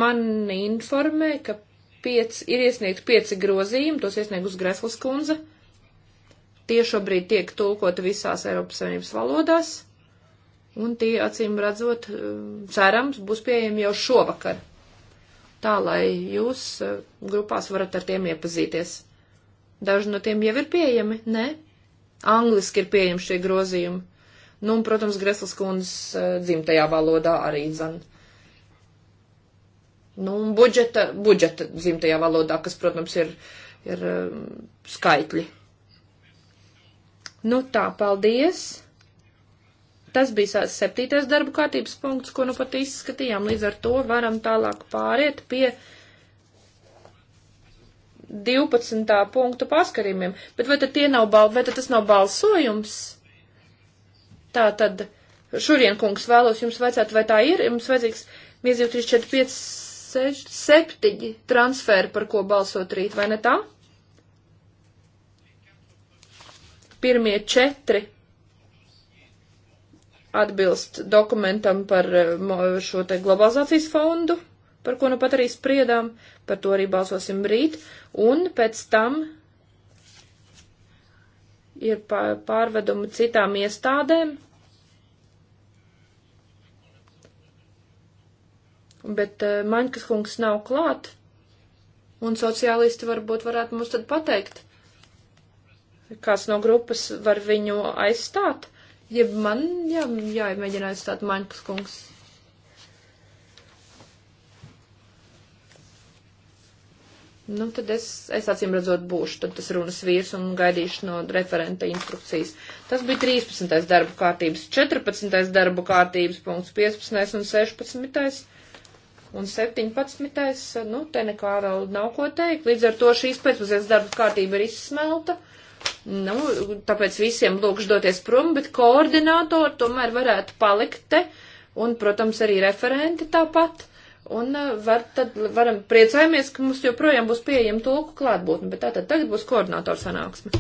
Man informē, ka piec, ir iesniegt pieci grozījumi, tos iesniegus Greslas kundze. Tie šobrīd tiek tulkoti visās Eiropas Savienības valodās, un tie, acīm redzot, cerams, būs pieejami jau šovakar. Tā, lai jūs eh, grupās varat ar tiem iepazīties. Daži no tiem jau ir pieejami, ne? Angliski ir pieejami šie grozījumi. Nu, un, protams, Greslas kundzes eh, dzimtajā valodā arī zan. Nu, un budžeta, budžeta dzimtajā valodā, kas, protams, ir, ir eh, skaitļi. Nu tā, paldies! Tas bija septītais darba kārtības punkts, ko nu pat izskatījām. Līdz ar to varam tālāk pāriet pie 12. punktu paskarījumiem, bet vai tad, nav, bal... vai tad tas nav balsojums? Tā tad, šurien kungs vēlos jums vajadzētu, vai tā ir, jums vajadzīgs 1, 2, 3, 4, 5, 6, 7 transferi, par ko balsot rīt, vai ne tā? Pirmie četri atbilst dokumentam par eh, šo te globalizācijas fondu par ko nu pat arī spriedām, par to arī balsosim rīt, un pēc tam ir pārvedumi citām iestādēm. Bet uh, Maņkas kungs nav klāt, un sociālisti varbūt varētu mums tad pateikt, kāds no grupas var viņu aizstāt, ja man jā, jāmēģina aizstāt Maņkas kungs. Nu, tad es, es acīm redzot būšu, tad tas runas vīrs un gaidīšu no referenta instrukcijas. Tas bija 13. darba kārtības, 14. darba kārtības punkts, 15. un 16. un 17. Nu, te nekā vēl nav ko teikt, līdz ar to šīs pēcpusdienas darba kārtība ir izsmelta. Nu, tāpēc visiem lūkšu doties prom, bet koordinātori tomēr varētu palikt te, un, protams, arī referenti tāpat Un eh, var, tad varam priecājamies, ka mums joprojām būs pieejama tulku klātbūtne, bet tātad tagad būs koordinātora sanāksme.